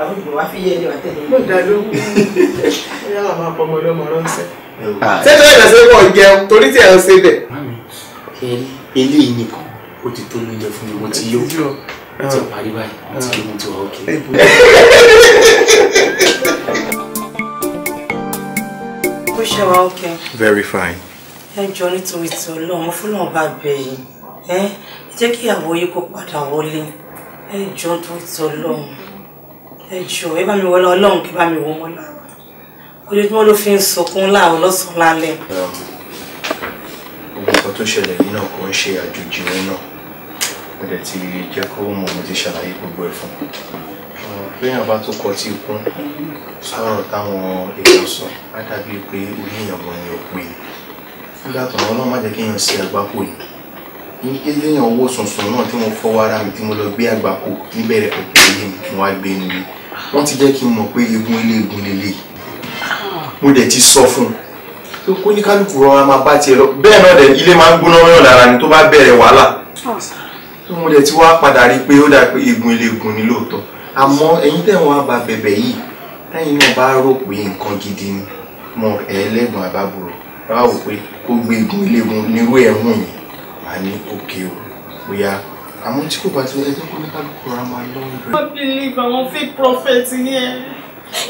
àwọn ìgbìmọ̀ fi yẹ ẹni wà tẹ̀lé. mo dà lóhùn ó yà máa pọ̀ ọmọ ọlọ́mọ ránṣẹ́. sẹ́tọ́ ìrẹsẹ̀ wọ̀ jẹun torí tí ẹ̀ ń ṣe bẹ̀. eléyìí nìkan ó ti tó lóúnjẹ fún mi mo ti yó mo ti parí báyìí mo ti yó mo ti wà ókè ṣe wa ok. very fine. ẹ jọ nítorí tí Ọlọ́run fúnlọ́run bá bẹ̀ yìí ẹ jẹ́ kí ìyàwó yìí kó padà wọlé ẹ jọ nítorí tí Ọlọ́run ẹ jọ ẹ bá mi wọlé Ọlọ́run kí bá mi wọ wọn lára ojoojúmọ́ ló fi ń sunkún láàrọ̀ lọ́sàn-án lálẹ́. ohun kan tó ṣẹlẹ̀ yìí náà kò ń ṣe àjòjì òun náà mo dẹ̀ ti jẹ́ kó mọ̀ mo ti ṣàlàyé gbogbo ẹ̀ fún un béèyàn bá tó kọ tí ikún sọ̀rọ̀ táwọn èèyàn sọ á dàbí pé orí èèyàn gan ni ò pé nígbà tó wọn náà má jẹ́ kéèyàn ṣe àgbákò yìí ní kéde èèyàn owó sunsun náà tí mo fọwọ́ ara mi tí mo lọ gbé àgbákò níbẹ̀rẹ̀ pẹ̀pẹ̀ ilé mi kí wọ́n á gbé nílé wọ́n ti jẹ́ kí n mọ̀ pé egun ilé egun lélẹ̀ mo dẹ̀ ti sọ fún un kó ní kálukú rọra máa bá tiẹ̀ lọ bẹ́ẹ̀ náà dẹ̀ ilé máa ń gbóná mẹ́rin lára ni tó bá bẹ̀rẹ̀ wàhálà mo dẹ̀ ti wá padà rí i pé ó dà pé egun ilé egun ni lóòótọ́ àmọ́ ẹ̀yin tẹ̀wọ̀n àbá bẹ̀bẹ̀ yìí táyìn náà bá rò pé nǹkan gidi ni mo ẹ̀ẹ́lẹ́gbọ̀n àbábòrò bá wò pé kó gbé egun iléegun nírú ẹ̀hún yìí màá ní òkè o bóyá àmọ́ tí kò bá ti wọlé tó kó ní kálukú ra máa lọ́wọ́ rẹ̀. wọ́n believe àwọn fake prophet yẹn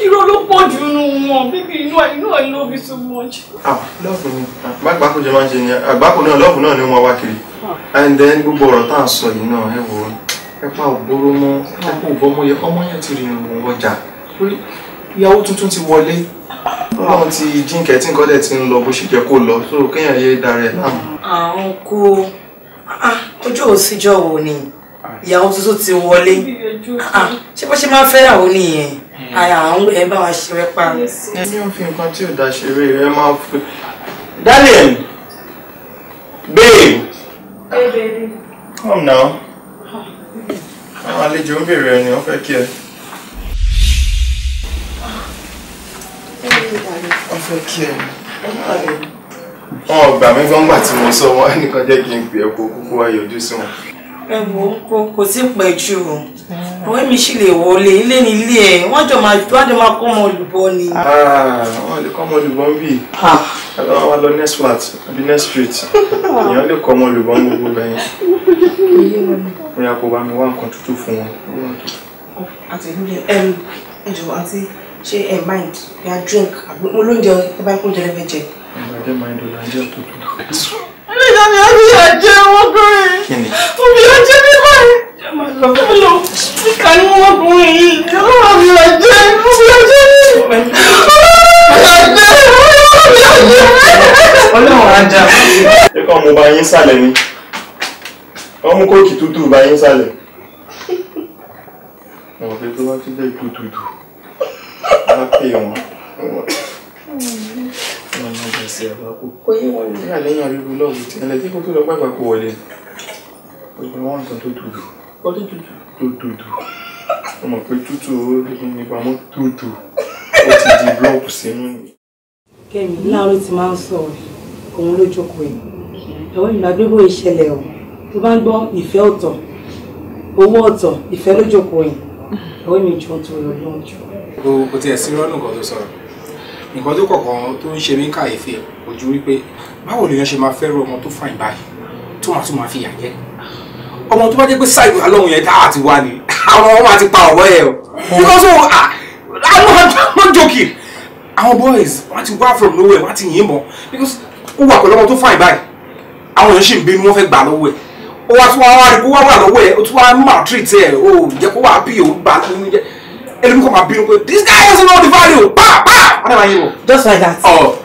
irọ́ ló pọ̀ jù nù wọn bíbí inú ẹ̀ inú ẹ̀ ló bí so much. Ah, lọ́ọ̀fù ni àgbákò jẹ́ máa ń ṣe ni àgbákò náà lọ́ọ̀fù náà ni wọ́n wá kiri ah. and then gbogbo ọ̀rọ̀ tá à ń sọ yìí náà ẹ̀ wò ó ẹ̀pà ògbóró mọ́ ẹ̀pà ògbọ́mọ yẹ ọmọ yẹn ti rìn rìn ọjà ìyàwó tuntun ti wọlé ọlọ́run ti jíǹkẹ́ tí nǹkan dẹ̀ ti ń lọ bó ṣe jẹ́ kó lọ so kéèyàn yé dára ẹ̀ láàmú. àwọn kò ah, ah, ojú òsínjọ́ wo ni ìyàwó tuntun ti wọlé ah, ṣé bó ṣe máa fẹ́ àwọn nìyẹn ara àwọn ẹ bá wa ṣeré pa. ẹni ò fi nǹkan tí ò dá ṣeré rẹ máa fi. Daniel babe. Hey, baby. come now àwọn àlejò ń bèrè ẹni wọ́n fẹ́ kí ẹ. wọ́n fẹ́ kí ẹ wọn gbà mí gbọ́ngbà tí mo sọ wọn nìkan jẹ́ kí n pè é kó kúkú wá yọjú sí wọn. ẹ wo kò tí ì pẹ́ o ọ̀rẹ́ mi sì lè wọlé ilé ní ilé ẹ̀ wọ́n jọ máa wọ́n jọ máa kọ́ ọmọ olùbọ́ ni. Ah, wọ́n lè kọ́ ọmọ olùbọ́ bí ah. wọ́n wá lọ next flat àbí next street èèyàn lè kọ́ ọmọ olùbọ́ gbogbo bẹ́yẹn. bóyá kò bá mi wá nǹkan tútù fún wọn. àti ṣe ẹ mind bí a drink àbí mo lóúnjẹ ẹ bá kó jẹrẹ fẹjẹ. ìgbàdé mind ò lájẹ tó tó. ilé ìdáná mi á fi àjẹ ọmọkùnrin òbí ọjọ́ nígbà yìí ẹ máa lọ ẹ lọ síkà ní wọn kún yìí ẹ lọ wà mí àjẹ mí àjẹ mí àjẹ mí àjẹ. ọlọ́run ajá. ẹ kàn mo bá yín sálẹ̀ ni wọ́n mú kóòkì tútù bá yín sálẹ̀. wọn ò fẹ́ tó wá sílẹ̀ ikú tútù wọ́n pè wọ́n. Wọ́n máa jẹ sí ẹ̀bá kú. Kò yé wọn ní àléyàn ríru lọ́ọ̀bù tí ẹlẹ́dẹ́gbẹ́ tó lọ pàpà kó wọlé. Gbogbo wọn tó dùdù ọdún tútù. tó dòdò o mọ̀ pé tútù nípamọ́ tó dò ó ti di búlọ́ọ̀kù sínú mi. kẹ́mi láàárọ̀ ti máa ń sọ̀rọ̀ òun ló jókòó ẹ̀ ẹ̀wọ́n ìgbàgbébò ìṣẹ̀lẹ̀ ọ̀ tó bá ń gbọ́ ìfẹ́ ọ̀tọ̀ owó ọ̀tọ̀ ìfẹ́ ló jókòó ẹ̀ ẹ̀wọ́n mi jọ tó rẹ̀ lọ́wọ́ jù. o tiẹ̀ sí rọ́nù nǹkan tó sọ̀rọ̀ nǹkan tó kọ̀ọ̀kan tó ń ṣe mí káyèéfì ojú wípé báwo lèèyàn ṣe máa fẹ́ rú ọmọ tó fàìn báyìí tó máa tún máa fi yà jẹ́ ọmọ tó bá jẹ́ pé ṣáìwé alọ́hùn yẹn dáhà ti wá ni àwọn ọmọ àti pa ọ̀rọ̀ yẹn o because o oh, ah i'm not joking Our boys wọ́n ti wá from nowhere wọ́n ti yìnbọn because ó wà pẹ̀lú ọmọ tó fàìn báyìí àwọn èèyàn ṣì ń bínú wọ́n fẹ́ gbà lọ́wọ́ ẹ̀ ó wá tún wá wá rí kó wá wà lọ́wọ́ ẹ̀ ó tún wá maltreat ẹ̀ ó jẹ́ kó wá bí òun gbà lóyún jẹ́ ẹlẹ́mi kò máa bínú pé this guy doesn't know the value pa pa wọ́n dẹ̀ máa yín wọ̀. just like that. ọ̀ oh,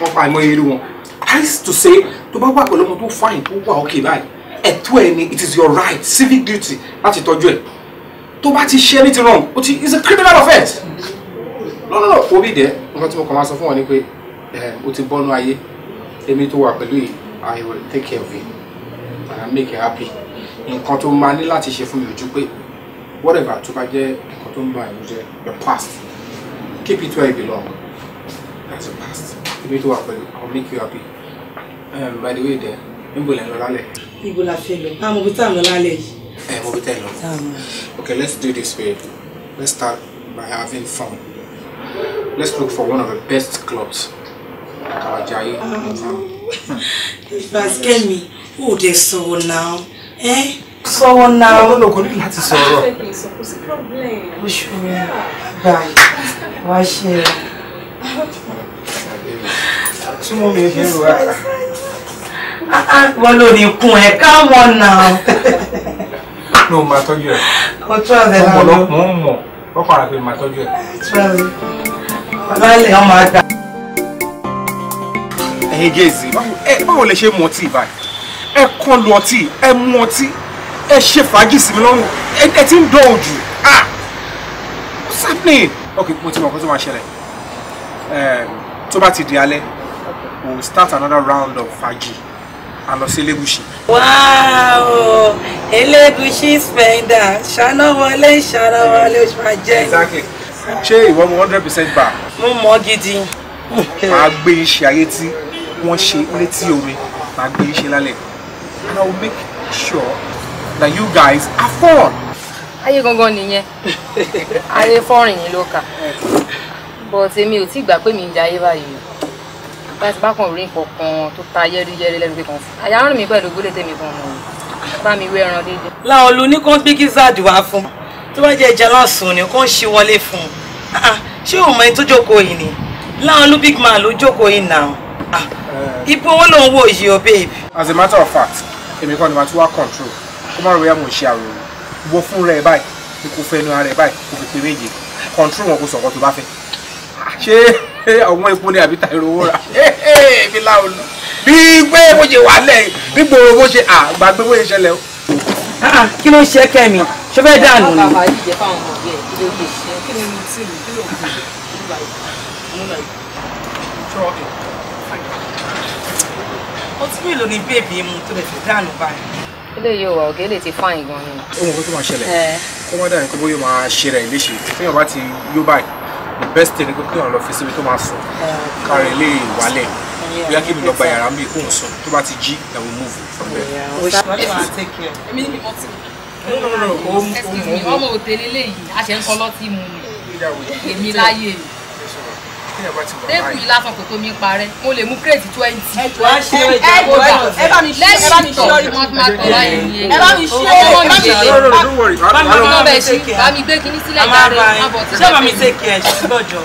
wọ́n pa àìmọye irú wọn i used to say tó bá wà pẹ̀lú ọmọ tó fàìn tó wà okay báyìí ẹ̀tọ́ ẹ ni it is your right civic duty láti tọ́jú ẹ̀ tó bá ti ṣe anything wrong o ti is a criminal offence no no no orí dẹ nǹkan tí mo kàn máa sọ fún wọn ni pé eh, o ti bọ́nú ayé èmi tó wà pẹ̀lú yìí I will take care of you and make you happy nǹkan tó máa ní láti ṣe fún mi ojú pé whatever tó bá jẹ́ nǹkan tó ń bá ẹ̀rù jẹ́ your past keep it where it belong that's your past èmi tó wà pẹ̀lú I will make you happy um, by the way dẹ níbo lẹ́ ń lọ lálẹ́ ibo la fẹ́ lọ a ah, mọ̀ bí tá à ń lọ lálẹ́ yìí. ẹ mọ̀ bí tá à ń lọ. okay let's do this way let's start by having fun let's look for one of the best clubs àkàwàjáyé. ìfàsíkẹ́mi ò dé sọ̀rọ̀ náà ẹ́ eh? sọ̀rọ̀ náà. ọ̀rọ̀ lóko ní láti sọ̀rọ̀. oṣù rẹ̀ gbà wá ṣe é. súnmọ́ ah, mi ò fi ń ro ara wọn ló ní kun ẹ káwọn náà. ló máa tọ́jú ẹ̀. mo tún ọ̀sẹ̀ náà lọ. mo ń mọ̀ lọ́kọ̀ ara pé máa tọ́jú ẹ̀. ọlọ́lẹ̀ ọmọ àgbà. ẹ̀yin jẹ́sì báwo lẹ ṣe mu ọtí báyìí ẹ kàn lu ọtí ẹ mu ọtí ẹ ṣe fàájì sí mi lọ́rùn ẹ ti ń dán ojú ah what's happening ok mo ti mọ̀ kó tó máa ṣẹlẹ̀ tó bá ti di alẹ́ we will start another round of fàájì a lọ sí elébùṣì. wáá elébùṣì spenda ṣáná wọlé ṣáná wọlé oṣù máa jẹ exactly ṣé ìwọ mu hundred percent bá. mo mọ gidi. màá gbé iṣẹ́ ayé tí wọ́n ṣe létí omi màá gbé iṣẹ́ lálẹ́ and I will make sure that you guys are fun. ayé gangan nìyẹn ayé fọ́rin yìí ló kà bọ̀ tèmi ò tí gbà pé mi ń jayé báyìí báyìí bá kàn rí nǹkan kan tó ta yẹ́rìyẹ́rì lẹ́nu pé fún àyà ń rìn mí pẹ̀lú gbólé tèmi kan mọ̀ bá mi wé ẹran déédéé. láwọn lu ní kán gbígí záàdì wá fún tó bá jẹ ìjà lásán ni kán ṣí wọlé fún un ah, ah, ṣé òun mọ ẹni tó jókòó yìí ni láwọn lu big man ló jókòó yìí nà ipò owó lòun wò yìí o babe. as a matter of fact èmi kan ni màá tún wá control kó má rò bóyá mò ń ṣe àròyìn wo fún rẹ báyìí kó fẹnu ara rẹ báyìí kó fi pé méje control wọn kó sọ̀kọ́ tó bá fẹ́ ah, ṣé ọmọ epo ni àbí tàìrò owó rà fi láwọn lọ bí gbé bó ṣe wà lẹ́yìn bí gbòòrò bó ṣe àgbàgbé ah, bó ṣe ṣẹlẹ̀ o. Ah, ah, kí ló ń ṣe kẹ́mi ṣé fẹ́ dànù ni. Eh, ọtí mélòó ni bèbí mu tó lè fi dànù báyìí eléyìí wà òkè lè ti fáìn gan ni. ohun tó máa ṣẹlẹ̀ eh. kó má dà ní kó bóyá máa ṣe rẹ̀ léṣe téèyàn bá ti yó báyìí the best thing ni pé kí wọn lọ fi síbi tó máa sùn kárí ilé ìwálẹ̀ bóyá kí mi lọ gba yàrá mi kó n sùn tó bá ti jí then we move from there. èmi ni mo ti ọmọ òtẹ́lẹ̀ lẹ́yìn a ṣe ń kọ́ lọ́tì mu mi èmi láyé mi tébù yìí lásán kò tó mi parẹ́ mo lè mú kírètì twenty. ẹ jọ ẹ jọ ẹ bá mi ṣe ẹ bá mi ṣe ọrí mọ fún akọrọ yìí ẹ bá mi ṣe ẹ bá mi ṣe ẹ bá mi ṣe bá mi gbé kinní sílẹ̀ jáde má bọ̀ sí ẹ bá mi ṣe kí ẹ ṣe lọ́jọ́.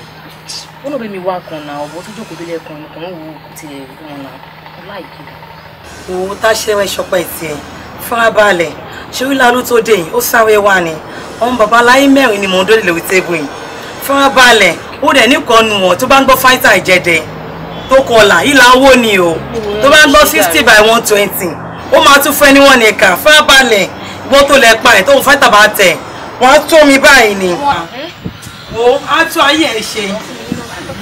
ó náà bẹ́ẹ̀ mi wá kan náà ọ̀bọ tó jókòó délé kan nìkan wò ó ti wọn náà ó láìkí. òun tá ṣẹ́wẹ́ ṣọpẹ́ tiẹ̀ farabalẹ̀ ṣorí lálú tó dé yìí ó sáré wá ni ọmọ bàbá aláyé mẹ́rin ni mò ń dólè lórí tébù yìí farabalẹ̀ ó dẹ̀ nìkan nù wọ́n tó bá ń gbọ́ fáìtà ìjẹ́dẹ̀ tó kọlà ìlà owó ni o tó bá ń gbọ́ fifty by one twenty ó máa tún fẹ́ níwọ̀n ní ẹ̀ka farabalẹ̀ gbọ́ tó lẹ pa ẹ̀ tó ń fẹ́ tàbá tẹ̀ wọ́n á tó mi báyìí ni. ó á tó ayé ẹ̀ ṣe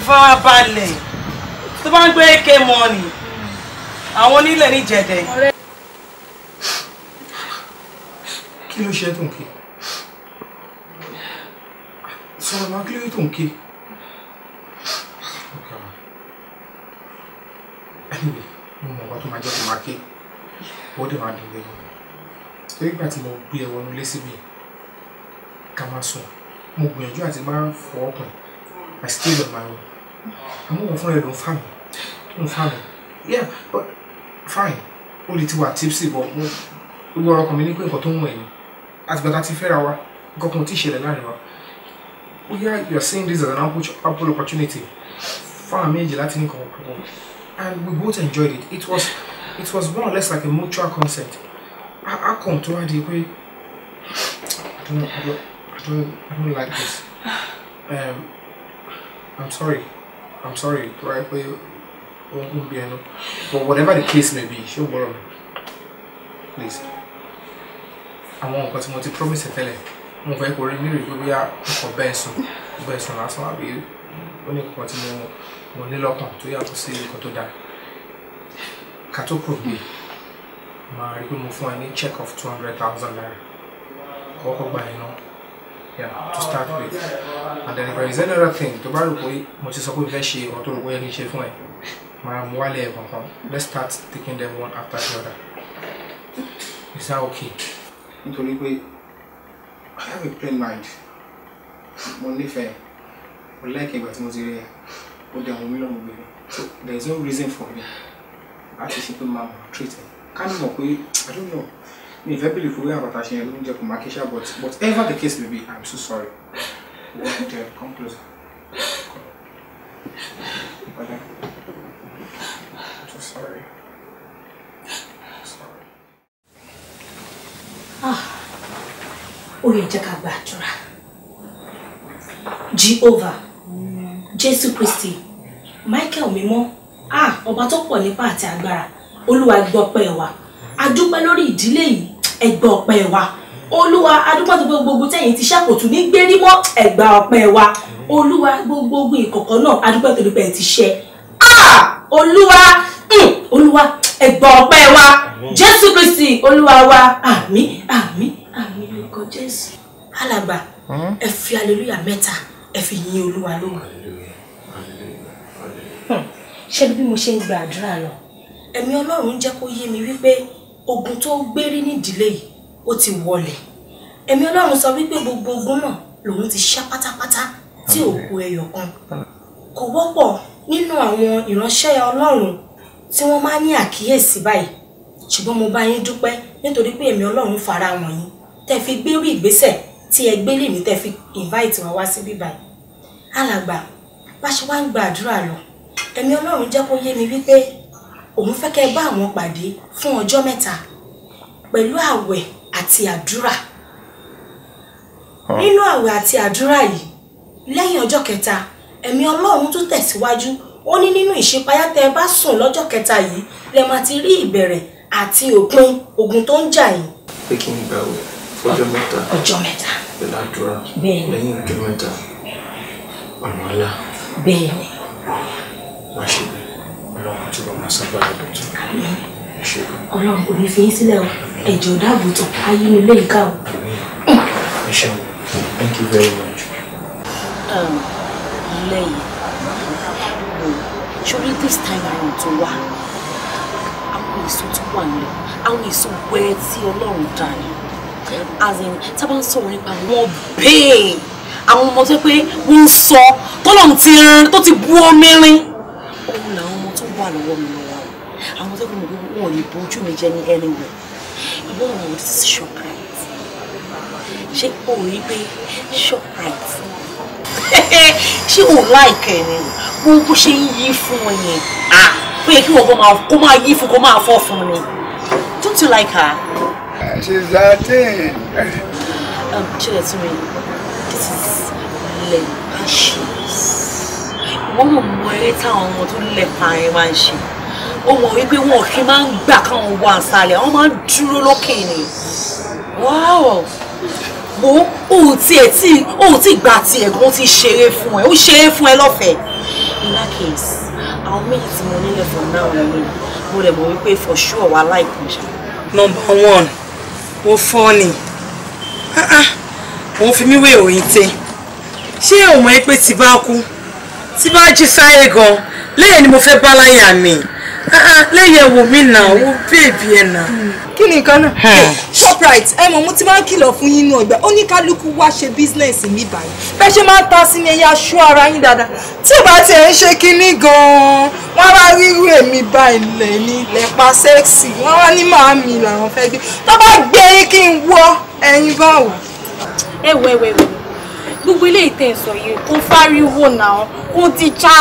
fara balẹ̀ tó bá ń gbé èké mọ́ ni àwọn onílẹ̀ ní jẹ̀dẹ̀. kí ló ṣe tó ń ké sọ̀rọ̀ máa kí ló tó ń ké. mo mọ̀ wọ́n tó máa jẹ́ kó máa ké ó dẹ̀ máa dùn lẹ́yìn torí ìgbà tí mo gbé ẹ wọnú lé síbi ká máa sùn mo gbìyànjú àti máa fọ ọkàn I stayed on my own. I'm not fúnra to ló ń fà mí ló ń fà mí yeah but fine Only lè ti tipsy but we were ọ̀rọ̀ kan mi ní pé nǹkan tó ń wọ̀ got more tá a ti we wa you are seeing this as an ample opportunity fún àwọn méjì láti ní nǹkan papọ̀ and we both enjoyed it it was it was more or less like a mutual consent I kàn tó wá di pé I I don't I don't I don't like this um, I'm sorry i'm sorry right wáyé you. ó ń bí but whatever the case may be ṣé o gbọ́dọ̀ please àwọn nǹkan tí mo ti promise tẹ́lẹ̀ mo fẹ́ kó rí nírìí pé bóyá nǹkan bẹ́ẹ̀ sùn bẹ́ẹ̀ sùn lásán àbí only ní nǹkan tí mo mo ní lọ́kàn tó yàtọ̀ sí nǹkan tó dáa ká tó kúrò gbé My rí pé for any check of two hundred thousand naira kọ́kọ́ gbà yín yeah, to start with and then if there is any other thing tó bá rò pé mo ti sọ pé fẹ́ ṣe ọ̀tọ̀ rò pé yẹ kí n ṣe fún ẹ máa mú wálé ẹ̀ kankan let's start taking them one after the other is that okay. nítorí pé I have a plain mind mo nífẹ̀ẹ́ mo like ìgbà tí mo ti rí ẹ ó dẹ̀ àwọn mílíọ̀nù gbèrè so there is no reason for me láti ṣe pé màá treat ẹ ká ní mọ̀ pé I don't know mi ìfẹ́ bìlì fún wíwà bàtà ṣe yẹn ló ń jẹ kò máa kíṣà but whatever the case may be i'm so sorry wọ́n jẹ come closer. Okay. i'm so sorry. sorry. ah ó yẹ jẹ́ ká gbàdúrà jehovah Jesus kristi michael Mimo. ah ọba Nipa, Tiagara, nípa àti agbára olúwa gbọ́pẹ́ ẹgbà ọpẹ́ wa olúwa adúpọ̀tò gbogbo ogun tẹ̀yìn ti ṣàkóso ní gbérí mọ́ ẹgbà ọpẹ́ wa olúwa gbogbo ogun ìkọ̀kọ̀ náà adúpọ̀tò nípa ti ṣẹ ah! olúwa hmm, olúwa ẹgbà ọpẹ́ wa jésù kristi olúwa wa àmín àmín àmín orúkọ jésù alàgbà hmm? ẹ fi aleluya mẹ́ta ẹ fi yìn olúwa lóhùn ṣé bí mo ṣe ń gba àdúrà lọ ẹ̀mí ọlọ́run jẹ́ kó yé mi wípé ogun tó gbérí nídìílé yìí ó ti wọlẹ̀ ẹ̀mí ọlọ́run sọ wípé gbogbo ogun náà lòun ti ṣá pátápátá tí ò kù ẹyọ kan kò wọ́pọ̀ nínú àwọn ìránṣẹ́ ọlọ́run tí wọ́n máa ní àkíyèsí báyìí ṣùgbọ́n mo bá yín dúpẹ́ nítorí pé ẹ̀mí ọlọ́run fara wọn yín tẹ́ fi gbérú ìgbésẹ̀ tí ẹ gbé lèmi tẹ́ fi invite wọn wá síbí báyìí alàgbà bá ṣe wá ń gba àdúrà lọ ẹ̀mí ọlọ́run jẹ́ kó yé mi wípé òun fẹ́ kẹ́ bá àwọn pàdé fún ọjọ́ mẹ́ta pẹ̀lú àwẹ̀ àti àdúrà nínú àwẹ̀ àti àdúrà yìí lẹ́yìn ọjọ́ kẹta ẹ̀mí ọlọ́run tún tẹ̀síwájú ó ní nínú ìṣípayá tẹ bá sùn lọ́jọ́ kẹta yìí lẹ máa ti rí ìbẹ̀rẹ̀ àti òpin ogun tó ń jà yìí. pé kí n gbàwẹ̀ fọjọ́ mẹ́ta ọjọ́ mẹ́ta pẹ̀lú àdúrà lẹ́yìn ọjọ́ mẹ́ta ọ̀nà ọ̀la bẹ́ẹ̀ ni wàá ṣe bẹ́ẹ̀ ọlọ́run àtúbọ̀ máa sábàá lọ́tún ṣègùn. ọlọ́run kò ní fi yín sílẹ̀ o ẹ̀jọ̀ dáàbò tán ayé ilé ìka o. ẹ ṣeun thank you very much. Um, lẹ́yìn hmm. ṣorí this time around tó wà àwọn èso tó wà nílẹ̀ àwọn èso wẹ́ẹ́ tí ọlọ́run dá ni as in tábà ń sọ̀rọ̀ nípa wọn bẹ́ẹ̀ àwọn ọmọ tó pé wọ́n ń sọ tọ́lọ́run ti rìn tó ti bú omi rin òun wà lọ́wọ́ mi lọ́wọ́ o àwọn tó fi mọ̀ pé wọn ò lè bójú mi jẹ́ ní anywhere ìwọ ọ̀rọ̀ ò sí Shoprite ṣé o rí pé Shoprite ṣé o láìkẹ́ ni gbogbo ṣe ń yí fún wọn yẹn ó yẹ kí wọn kó máa yí fún kó máa fọ́ fún ni don't you like her. she's a teen. um, chiletunmi this is lempashius wọ́n mọ̀ mọ eré táwọn ọmọ tó lẹ́pa yẹn máa ń ṣe ó mọ̀ wípé wọn ò kí máa ń gbà káwọn wà sálẹ̀ wọ́n máa ń dúró lókè ni wáwọ̀ bó òun tiẹ̀ tí òun tí gbà tiẹ̀ gan ti ṣeré fún ẹ ó ṣeré fún ẹ lọ́fẹ̀ẹ́ in that case àwọn méjì tí mo nílẹ̀ for now ni mo lè mọ̀ wípé for sure wà láìpẹ́ ṣá. number one ó fọ́ ni ah, ah, òun fi mí wé òyìn tẹ ṣé òun mọ̀ ẹ́ pé tí bá kú tí bá jí sáyé gan lẹ́yìn ni mo fẹ́ bá láyà mi ah, ah, lẹ́yìn ẹ̀wò mi nà ó bèbí ẹ̀ nà. Kini ni nǹkan náà. Hmm. right. ẹ mọ̀ mo ti máa ń kìlọ̀ fún yín inú ọgbà oníkálukú wá ṣe bísínẹ́sì mi báyìí bẹ́ẹ̀ ṣe máa ń ta sí ni ẹ̀yà aṣọ ara yín dáadáa tí ò bá tiẹ̀ ń ṣe kinní gan-an wọ́n wá ríru èmi báyìí lẹ̀ ní lẹ́pa sẹ́ẹ̀sì wọ́n wá ní màámi làwọn fẹ́ gbé tó bá gbé kí n wọ ẹ̀yin báwò. ẹ wẹ́wẹ́wẹ́ gbogbo ilé ìtẹ̀sọ̀ yìí kò fáríwò náà kò ti já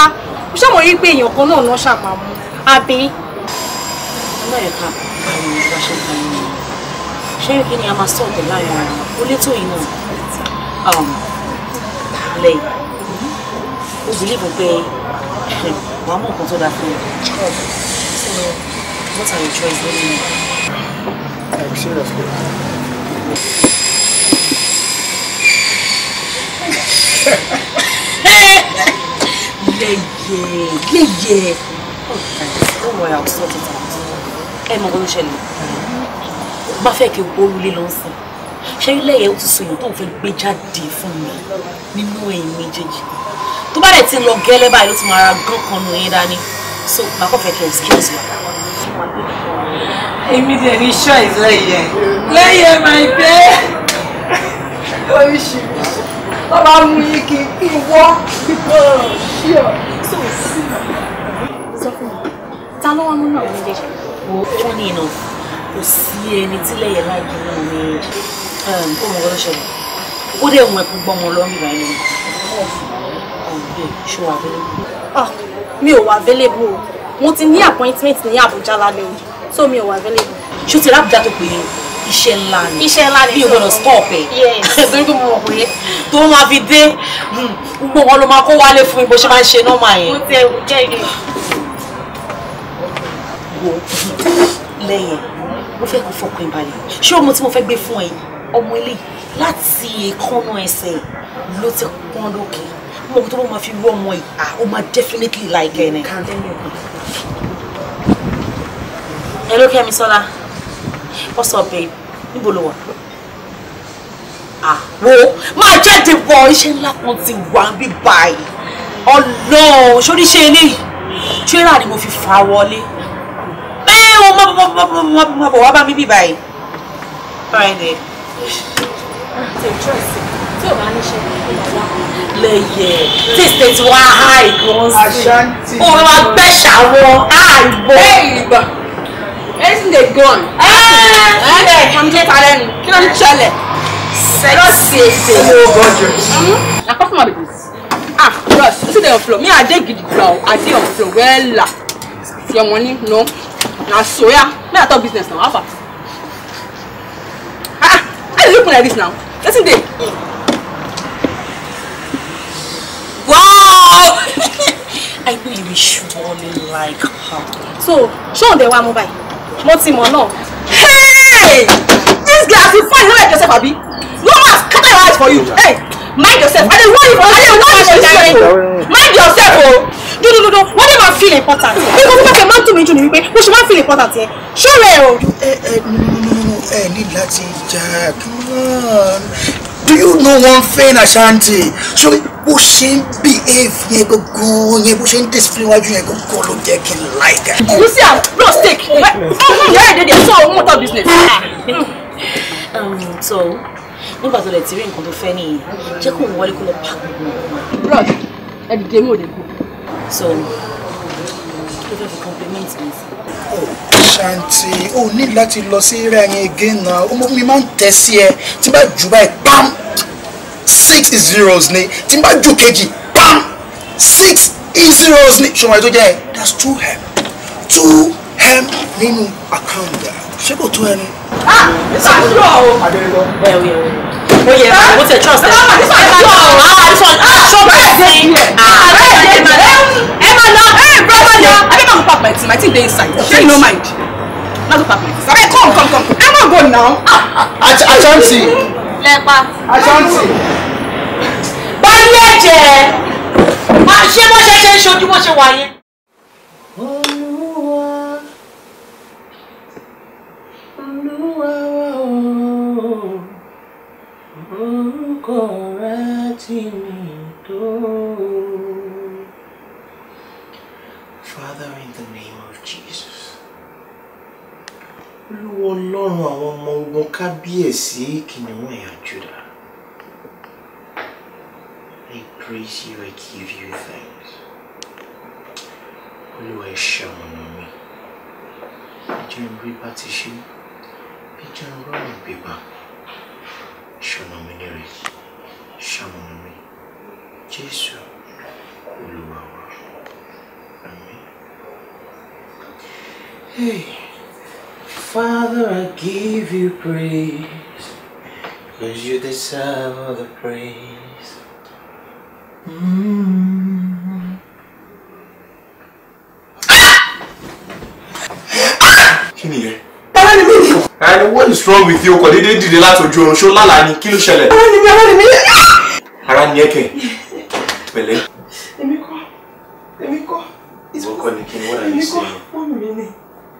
mo ṣàmọ̀ rí pé èèyàn kan náà náà ṣàmà mú àbí. ọlọ́yẹ̀ká àwọn ìgbà ṣe ń ta ẹni ṣé kí ni a máa sọ̀tẹ̀ láàrin ara wọn ó létò yìí náà um, lẹ́yìn ó bìlíìfù pé wàá mọ̀ nǹkan tó dáa fún ọ what are your choices lórí mi. yeye yeye don't worry i'll sort it out ẹ mọ ohun ṣẹlẹ̀ bá fẹ́ kí orúlé lọ sìn ṣé ilé yẹn ó ti sọ èèyàn tó ń fẹ́ gbé jáde fún mi nínú ẹ̀yìn méjèèjì tó bá dẹ̀ ti lọ gẹ́lẹ́ báyìí ló ti máa ra gán kan nù yín dání so màá kàn fẹ́ kí excuse wa. èmi dẹ̀ ní ṣọ́ọ̀ì lẹ́yìn lẹ́yìn my bẹ́ẹ̀ oríṣiríṣi wọ́n bá mú yín kí kí wọ́ ṣí ọ so sí sọ fún mi ta ló wà nínú àwọn méjèèjì. ó ní iná kò sí ẹni tílẹ̀ yẹn láì dúró ní kó mọ̀ ọ́ lọ́sọ̀rọ̀ ó dẹ̀ mọ̀ ẹ̀kú gbọ́mọ o mo ti ní appointment ní Àbújá lálẹ́ o so mi ò wà available. ṣó ti rábùjá tó pè é iṣẹ́ ńlá ni iṣẹ́ ńlá ni mi ò gbọdọ̀ stop ẹ̀ torí pé mo mọ̀ pé tó máa fi dé hmm, gbogbo wọn ló máa kó wálé fún mi bó ṣe máa ń ṣe nọ́mà yẹn. mo tẹ jẹ́ ilé. wo lẹ́yìn mo fẹ́ kó fọkàn ìbalẹ̀ ṣé ọmọ tí mo fẹ́ gbé fún ẹ ọmọ ilé láti èkánná ẹsẹ̀ ló ti pọ́n lókè mo tó bá máa fi rú ọmọ yìí ah ó máa definitely like ẹ ní. ẹ ló kẹ́ mi sọ́la. So what's up babe You níbo ló wà àwo ah, máa jáde wọ iṣẹ́ ńlá kan ti wà ń bí báyìí ọlọ́run ṣoríṣẹ́ eléyìí tírà ni mo fi fà wọlé pé o má bọ̀ bọ̀ bọ̀ bọ̀ bọ̀ bọ̀ wá bá mi bí báyìí friday. tí o bá ní ṣe lẹ́yẹ̀ tètè tí wàá há ìgbọ̀nsẹ̀ òun wa gbẹ̀ṣà wọn á ìbọn everything dey gone. Ah! Eh, I'm ẹ kàmdé ta lẹnu kí ló ń ṣẹlẹ̀. sexy owó Hmm. na customer be this. ah Ross, you see the on floor me i dey the floor i dey on floor wella your money no Now, so yeah. Me, i talk business now how far. ah, ah. how you look like this now wetin dey. wow i know you be surely like her. so show dem wa mobile mo ti mọ̀ náà. hey this girl as you find no like yourself abi no man scatter your eyes for you hey mind yourself i dey warn you i dey warn you say mind yourself o. Do do do do. wọ́n dẹ̀ máa feel important bí mo fẹ́ máa ń tún mi jù ní wípé mo ṣe máa feel important yẹn ṣó rẹ̀ o. ẹ eh, eh, ẹ ní láti jà come on do you know one thing Ashanti so bó ṣe ń behave yẹn gbogbo yẹn bó ṣe ń display wájú yẹn gbogbo ló jẹ́ kí n like you see am no stake ìyá èdè dey sọ òun motor business. Ah. Um, so nígbà tó lè ti rí nǹkan tó fẹ́ nìyí jẹ́ kó wọlé kó lọ pa gbogbo nǹkan. brod ẹ dìde mò ń kú. so ló fẹ́ fi compliment mi sí i. Oh, Shanti o ní láti lọ sí rẹ́rìn again na ọmọ mi máa ń tẹ̀ sí ẹ tí bá jù báyìí pam six zeros ni tí bá jù kejì pam six zeros ni ṣọwọ́n ẹ tó jẹ́ ẹ that's two hem two hem nínú account ẹ ṣé kò tó ẹni. ah nípa àdúrà o. o yẹ o yẹ ó trust ẹ bá nípa àdúrà o. àwọn àdúrà ṣọ́ọ̀bù ẹ̀ sí. ààrẹ ẹ̀ dẹ̀ ẹ̀ na hey brother na abeg ma go pack my thing my thing dey inside shey no mind na go pack my thing abeg come come come i wan go now. ashanti. lẹ́pa. ashanti. báyìí ẹ̀jẹ̀ máa ṣe bó ṣe ṣe ń ṣojú bó ṣe wà yẹn. olúwa olúwa wà ó orúkọ rẹ ti mú. olúwo ọlọ́run àwọn ọmọ ogun kábíyèsí kìnìún ẹ̀yà Júdà I praise you I give you thanks olúwa ẹ ṣeun ọ̀nà mi ìjọ ìrí bá ti ṣe ìjọ ọlọ́run gbígbà ṣọ̀nà mi lérè ṣọ̀nà mi Jésù olúwa wa àmín. Hey. Father, I give you praise, cause you deserve all the praise. Mm. Kí ni yẹn? Bàbá ni mí ni. And what is wrong with you? Kò dédé dìde láti ojú oorun ṣó lálàá ni kí ló ṣẹlẹ̀? Bàbá ni mí, bàbá ni mí. Ara ni ẹ kẹ̀. Pẹ̀lẹ́. Èmi kọ́, èmi kọ́. Ìwọ kọ́ ni kí ni wọ́n náà yìí ṣe. Èmi kọ́, wọ́n mi ni.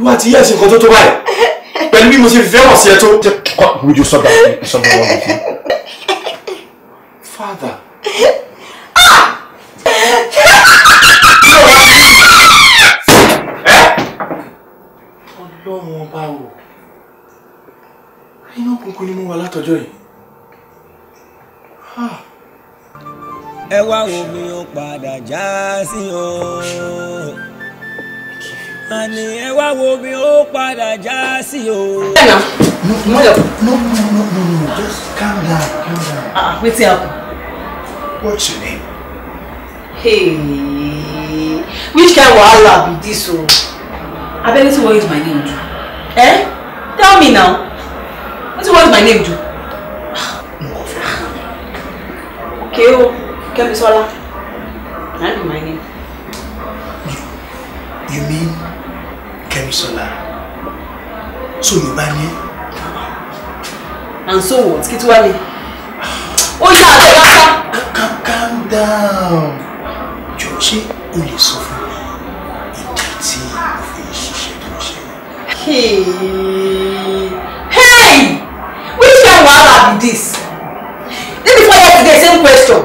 ìwà àti yẹ́ ẹ̀sìn kan tó tó báyìí pẹ̀lú bí mo ṣe fẹ́ràn sí ẹ tó. would you stop that stop that one before. father. Ah! ọlọ́run ọba o inú òkùnkùn ni mo wà látọjọ́ yìí. Ah! ẹ wá omi ó padà já sí o àní ẹ wá wo mi ó padà já sí o. no no no no no no just calm down calm down. ah, ah wetin happen. what's your name. hey which kind wahala be dis o abeg wetin worry my name do eh tell me now wetin worry my name do. okay o Kemisola na be my name. you, you mean. Kẹ́misọ́lá so you bá ní. and so what kí tí wàá ní. ó yá àlọ́ lásán. calm down jọ ṣé o lè sọ fún mi ìdí tí o hey which kind wahala be this day before yesterday same question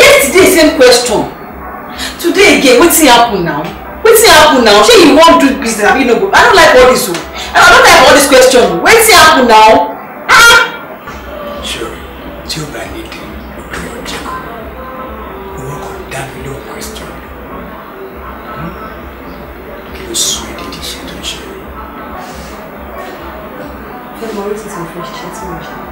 yesterday same question today again wetin happen now wetin happen now shey you want to do business you know. go i don't like all this o oh. i don't like all this question oh. wetin happen now ah. sure tí o bá ní di ìpínlẹ̀ ọ̀jẹ̀kọ̀ you kan dá mi lóhùn question hmm? kí ló sún ẹ́ dídí iṣẹ́ tó ń ṣe. ṣé mo rí tuntun fún ṣiṣẹ́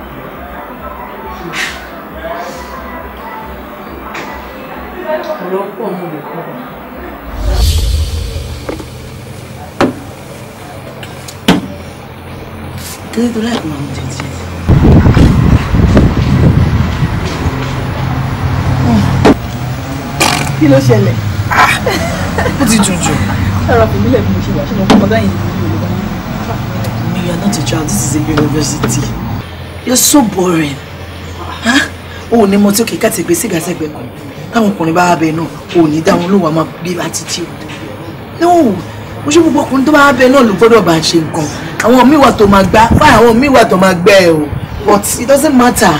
kí ni torí kí ló ṣẹlẹ̀. Ah! ó ti dùn jù. ẹ̀rọ kò nílẹ̀ bí mo ṣe wà ṣe mo kọ́ ọ̀dá yìí ní ìlú Yorùbá. no you are not a child this is a university you so boring. Ah! o ò ní mo tí ó kì í kàtẹ́gbẹ́ sígá sẹ́gbẹ́ kan táwọn ọkùnrin bá bẹ náà o ní dá wọn àmọ́ bí attitude. no mo ṣe gbogbo ọkùnrin tó bá bẹ náà ló gbọ́dọ̀ bá ṣe nǹkan àwọn míì wà tó máa gbá fáyà àwọn míì wà tó máa gbẹ o but it doesn't matter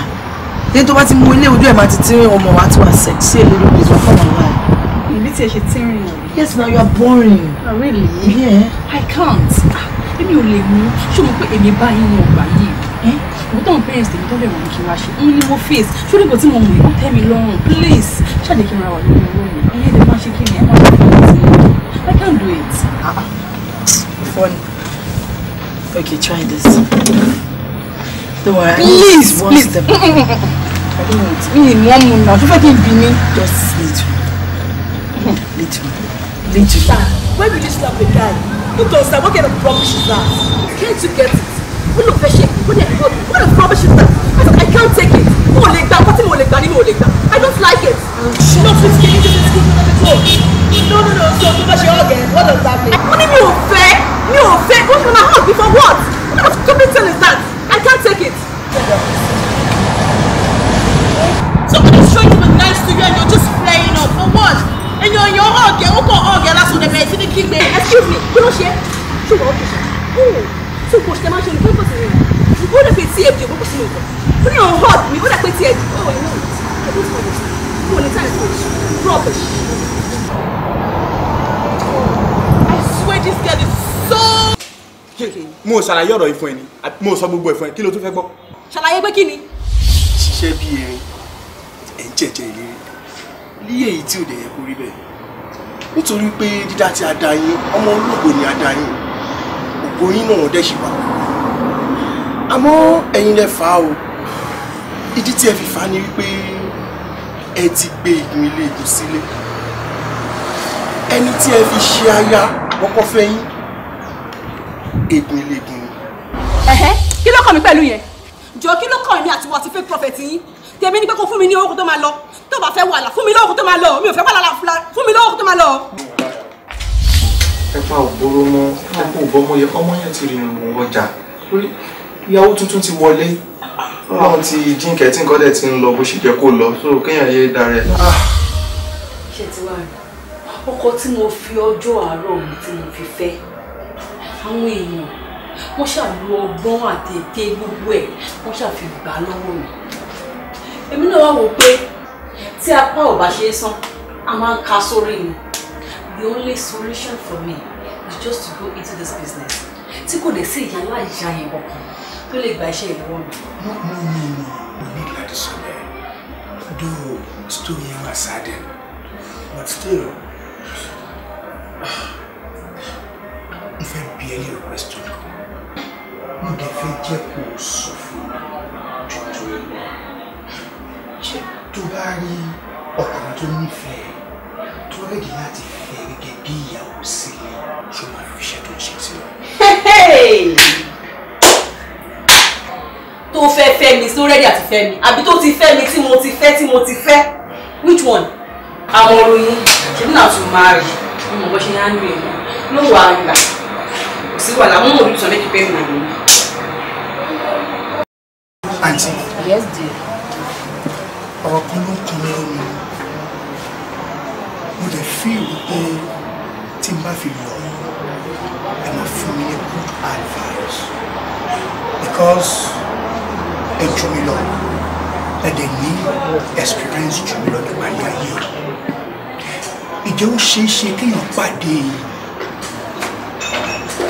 ní tó bá ti mú ilé ojú ẹ̀ máa ti tínrín ọmọ wa ti wà sexy ẹ̀ lórí ìgbésí wọn fọwọ́ ìbí tí ẹ ṣe tínrín o. yes now you are boring. Oh, really? yeah. I can't. Ah, èmi ò lè mú ṣé mo pé èmi bá yín wọn gbà yìí eh? mo tán parents tèmi tó lè wọ́n kí n wá ṣe ń ní mo face ṣó lè kó tí mo mú ìwọ́n tẹ́ mi lọ́rùn please ṣáàdé kí n ra wà lórí owó mi ẹ̀yẹ́ máa ṣe kí ni ẹ̀ máa ṣe kí n ti I can't do it. Ah, ah. funny. Okay, try this. Don't worry. Please, one please. Step. I don't want. Me in one moon now. If I can be me, just little, little, little. Where will you slap a guy? Who does that? What kind of rubbish is that? Can't you get it? Who look fashion? Who the hell? What kind of rubbish is that? I can't take it. Who will like that? What will like that? Who will like that? I don't like it. No, please, can you me? No, no, no. So, you must all get. What does that mean? What do you mean, fair? You ò what's wọ́n my na house before what what kind of stupid thing is that I can't take it. somebody show you the nice to you and you're just playing up for what And you're èèyàn ọ̀gẹ̀ ó kọ̀ ọ̀gẹ̀ lásán ọ̀dẹ̀ bẹ̀rẹ̀ sí ní kígbe excuse me kí ló ṣe ṣùgbọ́n ó kì í ṣe tí kò ṣe máa ṣe ní pẹ́ńpọ̀ sí ni ìbú rẹ̀ pé tí èbí òkú sínú ìbọn fún yóò hot mi ó rẹ̀ pé tí èbí oh, ó ìwọ̀n ìbú tí wọ́n lè ṣe rubbish. mo ṣàlàyé ọ̀rọ̀ ìfún ẹ ni mo sọ gbogbo ìfún ẹ kí ló tún fẹ́ gbọ́. ṣàlàyé pé kí ni. ṣiṣẹ́ bíi erin ẹ̀ ń jẹ̀jẹ̀ ìlérí ní èyí tí ò dẹ̀ yẹ kó rí bẹ́ẹ̀ nítorí pé dídá tí a dá yín ọmọ ológo ni a dá yín ògo yín náà dẹ̀ ṣì wà àmọ́ ẹ̀yin lẹ fà á o ìdí tí ẹ fi fà á ni wípé ẹ ti gbé igun ilé ìlú sílé ẹni tí ẹ fi ṣe aya wọ́n fẹ́ yín egun ilé egun ni. ẹ̀hẹ́ kí ló kàn mí pẹ̀lú yẹn jọ kí ló kàn mí àti wọ́n ti fake prophet yín tèmi ni pé kó fún mi ní owó kó tó máa lọ tó bá fẹ́ wàhálà fún mi lówó kó tó máa lọ mi ò fẹ́ wàhálà fún mi lówó kó tó máa lọ. ẹ pa ògbóró mọ ẹ kó ògbọmọ yẹ ọmọ yẹn ti rìn rìn ọjà ìyàwó tuntun ti wọlé wọn ti jíǹkẹ tí nǹkan dẹ̀ ti ń lọ bó ṣe jẹ́ kó lọ so kéèyàn yé dára ẹ̀. Ah. ṣé ti wá ọkọ tí mo fi ọjọ́ àárọ̀ mi tí mo fi fẹ́ àwọn èèyàn wọ́n ṣàlù ọgbọ́n àti ète gbogbo ẹ̀ wọ́n ṣàfi gbà lọ́wọ́ mi èmi náà wá wò pé tí apá ò bá ṣe é san a máa ń ka sórí ni the only solution for me is just to go into this business tí kò dẹ̀ sí ìyá láìyá yẹn kankan tó lè gba iṣẹ́ ìlọ́wọ́ mi. no, no. We need mo ní láti sọ bẹ́ẹ̀ do young yẹn wà sadẹ but still barely arrested you. Mo dẹ̀ fẹ́ jẹ́ kó o sọ fún tuntun ìwà. Ṣé tó bá rí ọkùnrin tó nífẹ̀ẹ́ tó rẹ̀dí láti fẹ́ gẹ́gẹ́ bí ìyàwó sílé ṣó máa fi iṣẹ́ tó ń ṣe sí ọ? Tó fẹ́ fẹ́ mi tó rẹ́dí àti fẹ́ mi àbí tó ti fẹ́ mi which one? Àwọn oròyìn ṣe bí náà tún máa rí mo mọ̀ bó ṣe ń hàn mí ló wà sí wàhálà wọn mọ̀ olùsọ méjì pé mi nìyí. àǹtí ọ̀rọ̀ kan ló ń kan lọ́rọ̀ mi mo lè fi ìwé pé tí n bá fi lọ ẹ máa good advice because ẹ jù mí lọ ẹ dẹ̀ experience jù mí lọ nípa ayé ayé ìjẹ́ ó ṣeé ṣe kéèyàn pàdé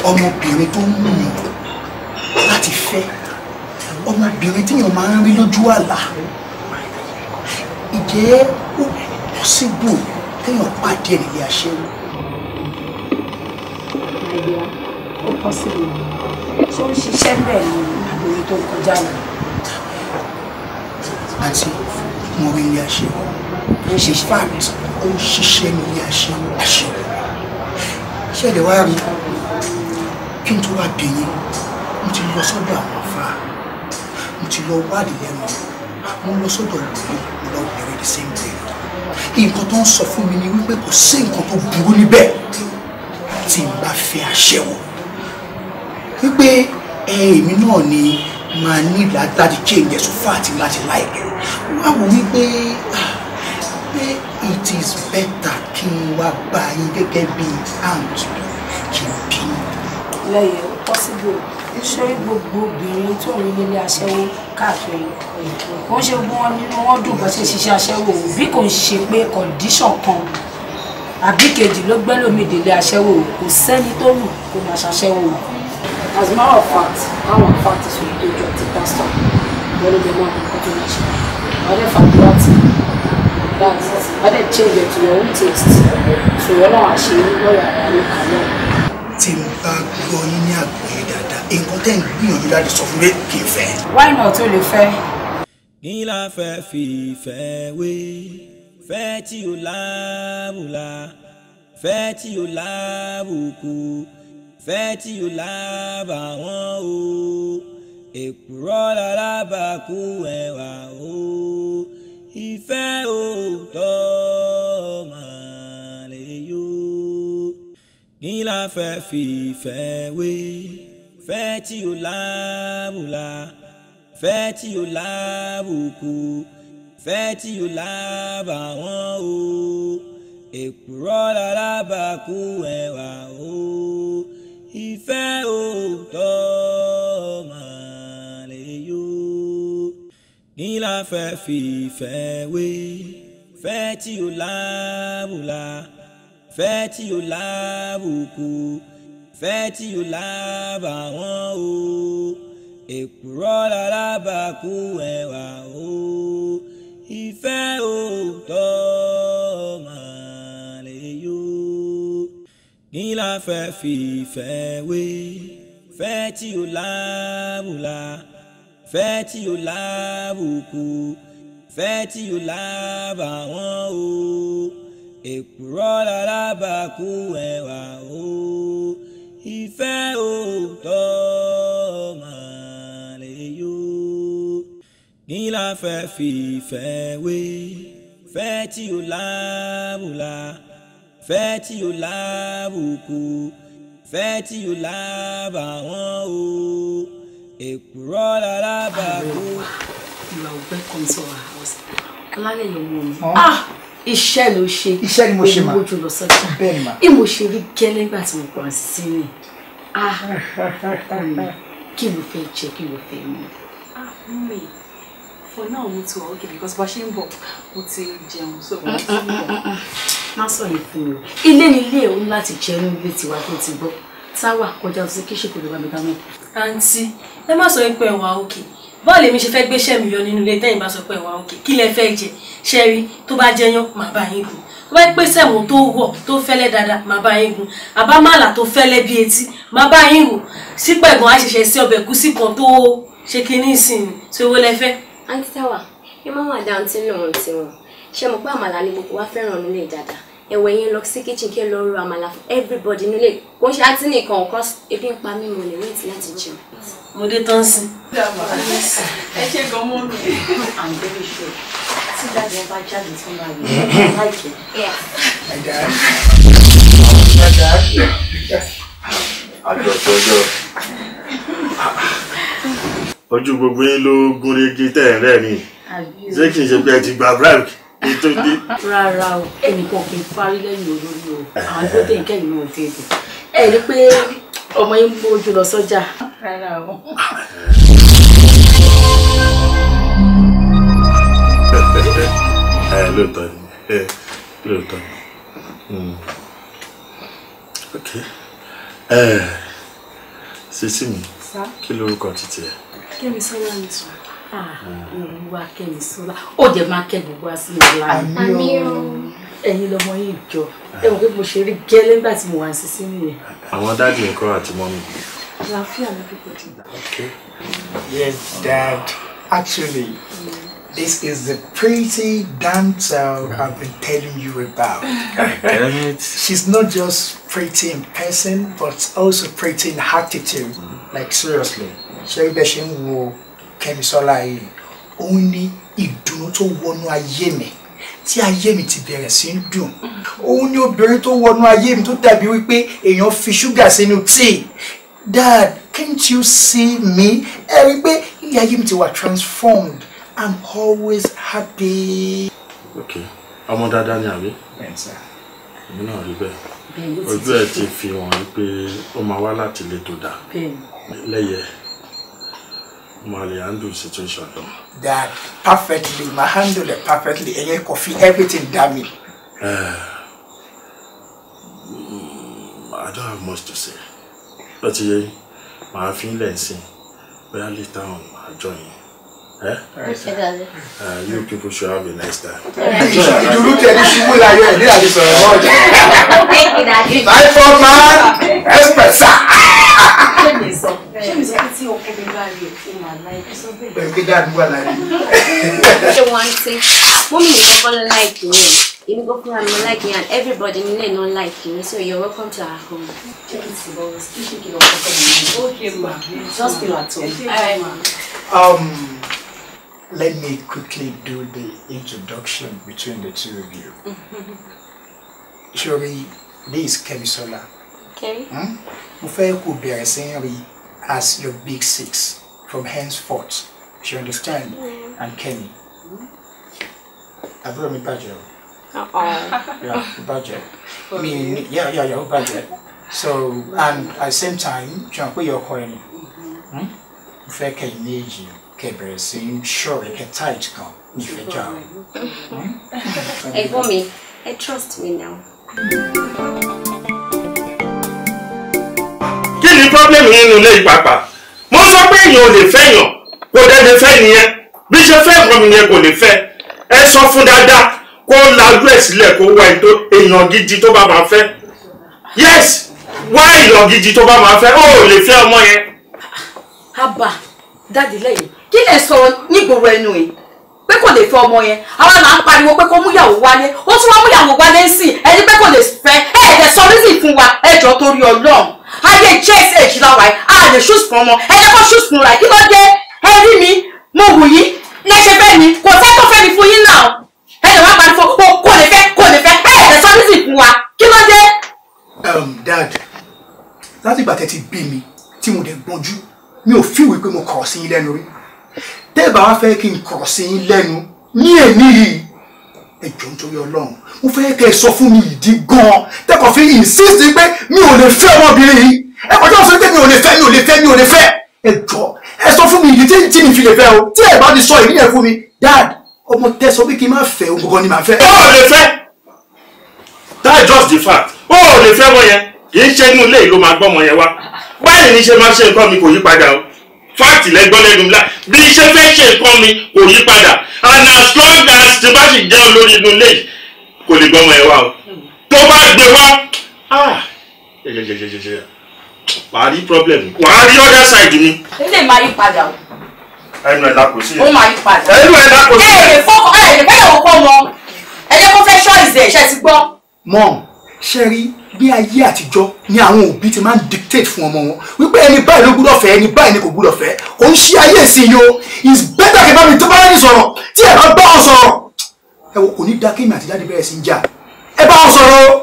ọmọbìnrin tó mú mi láti fẹ́ ọmọbìnrin tíyàn máa ń rí lójú àlá ìjẹ́ ó pọ́síbù kéèyàn pàdé nílé aṣẹ́wó. àyà ó pọ́síbù tó ń ṣiṣẹ́ bẹ́ẹ̀ ni àbúrò tó kọjá lọ. àǹtí mo rí ilé aṣẹ́wó ṣe fact ó ń ṣiṣẹ́ nílé aṣẹ́wó aṣẹ́wó ṣẹ̀dẹ̀ wá rí i kí n tó wá bí yín mo ti lọ sọ́dọ̀ àwọn afá mo ti lọ wádìí lẹ́nu mo lọ sọ́dọ̀ òbí mo lọ bẹ̀rẹ̀ the same day nǹkan tó ń sọ fún mi ni wípé kò sí nǹkan tó burú níbẹ̀ tí n bá fẹ́ aṣẹ́wó wípé èmi náà ni màá ní láti change ẹ̀sùn fáàtì láti láìpẹ́ wá wò wípé ah, pé it is better kí n wá bá yín gẹ́gẹ́ bí aunt kí n bí lẹ́yẹ̀ pọ́síbò ṣé gbogbo obìnrin tó rí nílé aṣẹ́wó káàkiri kò ṣe gbogbo nínú wọn dùn bó ṣiṣẹ́ aṣẹ́wó bí kò ń ṣe pé kọ̀ǹdíṣàn kan àbí kejì ló gbẹ́ lómi délé aṣẹ́wó kò sẹ́ni tó lù kó máa ṣaṣẹ́wó. as a matter of fact àwọn factors wey dey jọ ti pastor lórí bẹ́ẹ̀ máa ń kọ́ tó ń ṣe ọdẹ fàdúrà tì that ọdẹ change it to your own taste so ọlọ́run àṣeyọrí lọ́yà àlùkà náà tí n bá gbọ́ yín ní àgbọ́yé dáadáa nǹkan tẹ́ ń gbìyànjú láti sọ fún mi kì í fẹ́. why not o lè fẹ́. kí la fi ìfẹ́ wé fẹ́ tí o láàbùlà fẹ́ tí o láàbùkù fẹ́ tí o láàbàwọ́n o èkùrọ́ lálábàkú ẹ̀wà o ìfẹ́ òótọ́ máa kí la fẹ́ fi ìfẹ́ wé fẹ́ tí o lábùlà fẹ́ tí o lábùkù fẹ́ tí o lábàwọ́n o èkùrọ́ lálábàkú ẹ̀wà o ìfẹ́ òótọ́ màlẹ́ yó kí la fẹ́ fi ìfẹ́ wé fẹ́ tí o lábùlà. La ìfẹ́ tí yóò láàbùkù ìfẹ́ tí yóò láàbà wọ́n o èkùrọ́ lálábàkú ẹ̀wà o ìfẹ́ òótọ́ màlè yó kí la fẹ́ fi ìfẹ́ wé ìfẹ́ tí yóò láàbùlà ìfẹ́ tí yóò láàbùkù ìfẹ́ tí yóò láàbà wọ́n o èkùrọ́ lalábàákú ẹ̀wà o ìfẹ́ òótọ́ màlẹ́ yó. kí la fẹ́ fi ìfẹ́ wé fẹ́ tí o lábùlà fẹ́ tí o lábùkù fẹ́ tí o lábàwọ́n o èkùrọ́ lalábàákú. you are welcome to our house. alálẹ̀ yóò wọ̀ mí iṣẹ́ ló ṣe iṣẹ́ ni mo ṣe ma ojú lọ sọ́jà bẹ́ẹ̀ ni ma ìmọ̀ ṣe rí gẹ́lẹ́ nígbà tí mo kọ́ ọ sí ni ah. kí ló fẹ́ jẹ kí ló fẹ́ mu. ah mummy for now mo ti wà ok because bá ṣe ń bọ̀ mo ti jẹun so mo ti ń bọ̀. Ah, ah, má sọ yìí fún mi o ilé ni ilé òun láti jẹun ilé tiwa tó ti gbọ́ táwa kọjá sí kí ṣèkò lè wà mí dáná. àǹtí ẹ má sọ pé ẹ wà òkè. Okay bọ́ọ̀lù èmi ṣe fẹ́ gbéṣẹ́ mi yọ nínú ilé tẹ́yìn bá sọ pé ìwà òkè kí lẹ fẹ́ jẹ ṣe rí tó bá jẹ yán màá bá yín gùn tó bá pè sẹ̀wọ̀n tó wọ̀ tó fẹ́lẹ́ dáadáa màá bá yín gùn àbámàlà tó fẹ́lẹ́ bí etí màá bá yín gùn sípẹ̀gàn àṣẹṣẹ sí ọbẹ̀ kú sí kan tó ṣe kinní ìsìn tí owó lẹ fẹ́. àǹtí táwa ẹ má wà dáńtí lòun ti wọn ṣe mọ̀ pé àmàlà ni gbogbo wa fẹ́ràn nílé dáadáa ẹ̀wẹ̀ yẹn lọ sí kitchen kí ẹ lọ ro àmàlà fún everybody nílé kò ń ṣe àtìní kan ọ̀kan ebi ń pa mímu ní wẹ́ẹ̀tì láti jẹun mo dé tán sí. ẹ ṣe gan mọ́ mi. i'm very sure tí dáàbò bá jáde tí wọ́n bá rí i láìpẹ́. àjọṣọjọ ojú gbogbo yín ló gún régé tẹ̀ ẹ́ rẹ́rìn ṣé kì í ṣe pé ẹ ti gba bribe kí tó dé. rárá o ẹnìkan kì í parí lẹ́yìn olórí o àwọn tó dé ìkẹyìn náà dé ibò ẹ rí pé ọmọ yín gbó ojú lọ sọ́jà. rárá o. ẹ eh, lóòótọ́ ni eh, lóòótọ́ ni hmm. ok ẹ eh, sisi mi kí lorúkọ títí ẹ. Kẹ́mi Sọ́lá ni sọ. Olúwa ah, Kẹ́mi Sọ́lá ó jẹ́ máa kẹ́ gbogbo àsìlè láàyè. Àmì o. Ẹ̀yin lọmọ yìí jọ ẹ wò pé mo ṣe rí gẹ́lẹ́ nígbà tí mo wà sí nìyẹn. àwọn dáàdì nǹkan àti mọ́mí. àlàáfíà ló dúpọ̀ jù. okay yes dad actually this is the pretty dancer I've been telling you about. damn it. she's not just pretty in person but also pretty in attitude mm. like seriously ṣé ibẹ̀ ṣe ń wo Kẹ́misọ́lá yìí òun ní ìdùnnú tó wọnú ayé mi tí ayé mi ti bẹ̀rẹ̀ sí dùn òun ni obìnrin tó wọnú ayé mi tó dàbí wípé èèyàn fi ṣúgà sínú tíì dad can't you see me ẹ rí i pé ilé ayé mi ti wà transformed i'm always happy. ok ọmọ dáadáa ni àbí èmi náà rí bẹ́ẹ̀ ojú ẹ̀ ti fi hàn pé ó máa wá láti ilé tó dáa lẹ́yẹ̀. Mali handle situation though. That perfectly, ma handle it perfectly. Ẹ̀yẹ coffee, everything damn me. Uh, I don't have much to say. But yeah, my feelings, we are later on, I join you. Eh? uh, you people should have a nice time. Dúró you, ṣubú láyọ̀ ẹ̀ ní àdìsọ̀rọ̀ ọ̀jẹ̀. Bye for man, expert ṣé mi sọ pé tí ọkọ mi bá rí òkè mà láì kó sọ bẹ́ẹ̀. pẹ̀lú kíkà ṣé wọ́n ń ṣe mọ́mí mi ní ẹ̀ èmi kò fúnra mi láìkì and everybody nílé náà láìkì ní so you're welcome to our home. Um, let me quickly do the introduction between the two of you. Ṣori, this is Kemisola. Okay. Hmm? Mo fẹ́ kó bẹ̀rẹ̀ sí rí as your big six from henceforth. You understand? Yeah. And Kenny. Àbúrò mi bàjẹ́ Oh, Yeah, budget. I mean, yeah, yeah, yeah, budget. So, and at the same time, jọ̀ọ́ pé your coin. Hmm? you, kẹ́ méjì kẹ́ bẹ̀rẹ̀ sí ń ṣọ̀rẹ́ kẹ́ tight kan nífẹ̀ẹ́ jà o. Hey, mi, I trust me now. pọ́blẹ́mù nínú ilé yìí pàápàá mo sọ pé èèyàn ò lè fẹ́ yàn kò dẹ́ni fẹ́ nìyẹn bí ṣe fẹ́ ìwọ́n mi yẹn kò lè fẹ́ ẹ sọ fún dáadáa kó lajú ẹ̀ sílẹ̀ kó wá èèyàn gidi tó bá máa fẹ́ yes wá èèyàn gidi tó bá máa fẹ́ ó ò lè fẹ́ ọmọ yẹn. àbá dáàdì lẹ́yìn kí lè sọ nígboro ẹnu yìí pé kò lè fẹ́ ọmọ yẹn àwa là ń pariwo pé kó múyàwó wálé ó tún wá múyàwó wálé sí ẹni pé kò lè fẹ́ ẹ̀ẹ́dẹ̀ sọ rísì fún wa ẹjọ́ torí Ọlọ́run ayé js age la wà yìí a lè ṣùs fún ọmọ ẹ jẹ́ kó ṣùs fún ra kí ló dé ẹ rí mi mo wù yí ní ẹ ṣe fẹ́ mi kò sẹ́ tó fẹ́ mi fún yín náà ẹ lè wá pariwo kó kò lè fẹ́ kò lè fẹ́ ẹ lè sọ ní sìn fún wa kí ló dé. Um, dad láti ìgbà tẹ́ ti bí mi tí mo dẹ̀ gbọ́njú mi ò fíwèé pé mo kọ̀rọ̀ sí yín lẹ́nu rí tẹ́ ẹ bá wá fẹ́ kí n kọ̀rọ̀ sí yín lẹ́nu ní èmi yìí ẹjọ nítorí Ọlọ́run mo fẹ́ kẹ́ ẹ sọ fún mi ìdí gan-an tẹ́kọ̀ fi insist pé mi ò lè fẹ́ ọmọbìnrin yìí ẹ kọjá sọ pé mi ò lè fẹ́ mi ò lè fẹ́ mi ò lè fẹ́ ẹjọ ẹ sọ fún mi ìdí tí mi fi lè fẹ́ o tí ẹ bá ti sọ ìdí yẹn fún mi dad ọmọ tẹ sọ pé kí n má fẹ́ o gbọ́ngàn ni màá fẹ́. ó lè fẹ́ that's just the fact ó lè fẹ́ wọ́n yẹn kì í ṣe inú ilé ìlú máa gbọ́ ọmọ yẹn wá báyìí ní ṣe máa ṣe nǹkan mi kò yí padà o fáàtì lẹ́gbọ́n lẹ́nu la bí iṣẹ́ fẹ́ ṣe nǹkan mi kò yí padà and as long as tí bá sì jẹ́ olórí inú ilé kò lè gbọ́mọ ẹ̀ wá o tó bá gbé wá ah, wàá rí problem wàá rí other side mi. ilé máa yí padà o. ẹnu ẹ̀ lápò sí i. ó máa yí padà. ẹnu ẹ̀ lápò sí i. ẹ ẹ lè fọ́ ẹ lè fẹ́ yẹ̀wò pọ̀ mọ́ ẹ jẹ́ kó fẹ́ ṣọ́ọ̀ṣì ẹ̀ ṣe ti gbọ́. mọ́ọ̀mù ṣe rí ní ayé àtijọ́ ni àwọn òbí ti máa ń dictate fún ọmọ wọn wípé ẹni báyìí ló gbúdọ̀ fẹ́ ẹni báyìí ni kò gbúdọ̀ fẹ́ kò ń ṣe ayé ìsinyìí o is better kí n bá mi tó bá rẹ́ni sọ̀rọ̀ tí ẹ bá bá ọ sọ̀rọ̀ ẹ wo kò ní dá kéèmì àtijáde bẹ̀rẹ̀ sí í jà ẹ bá ọ sọ̀rọ̀ o.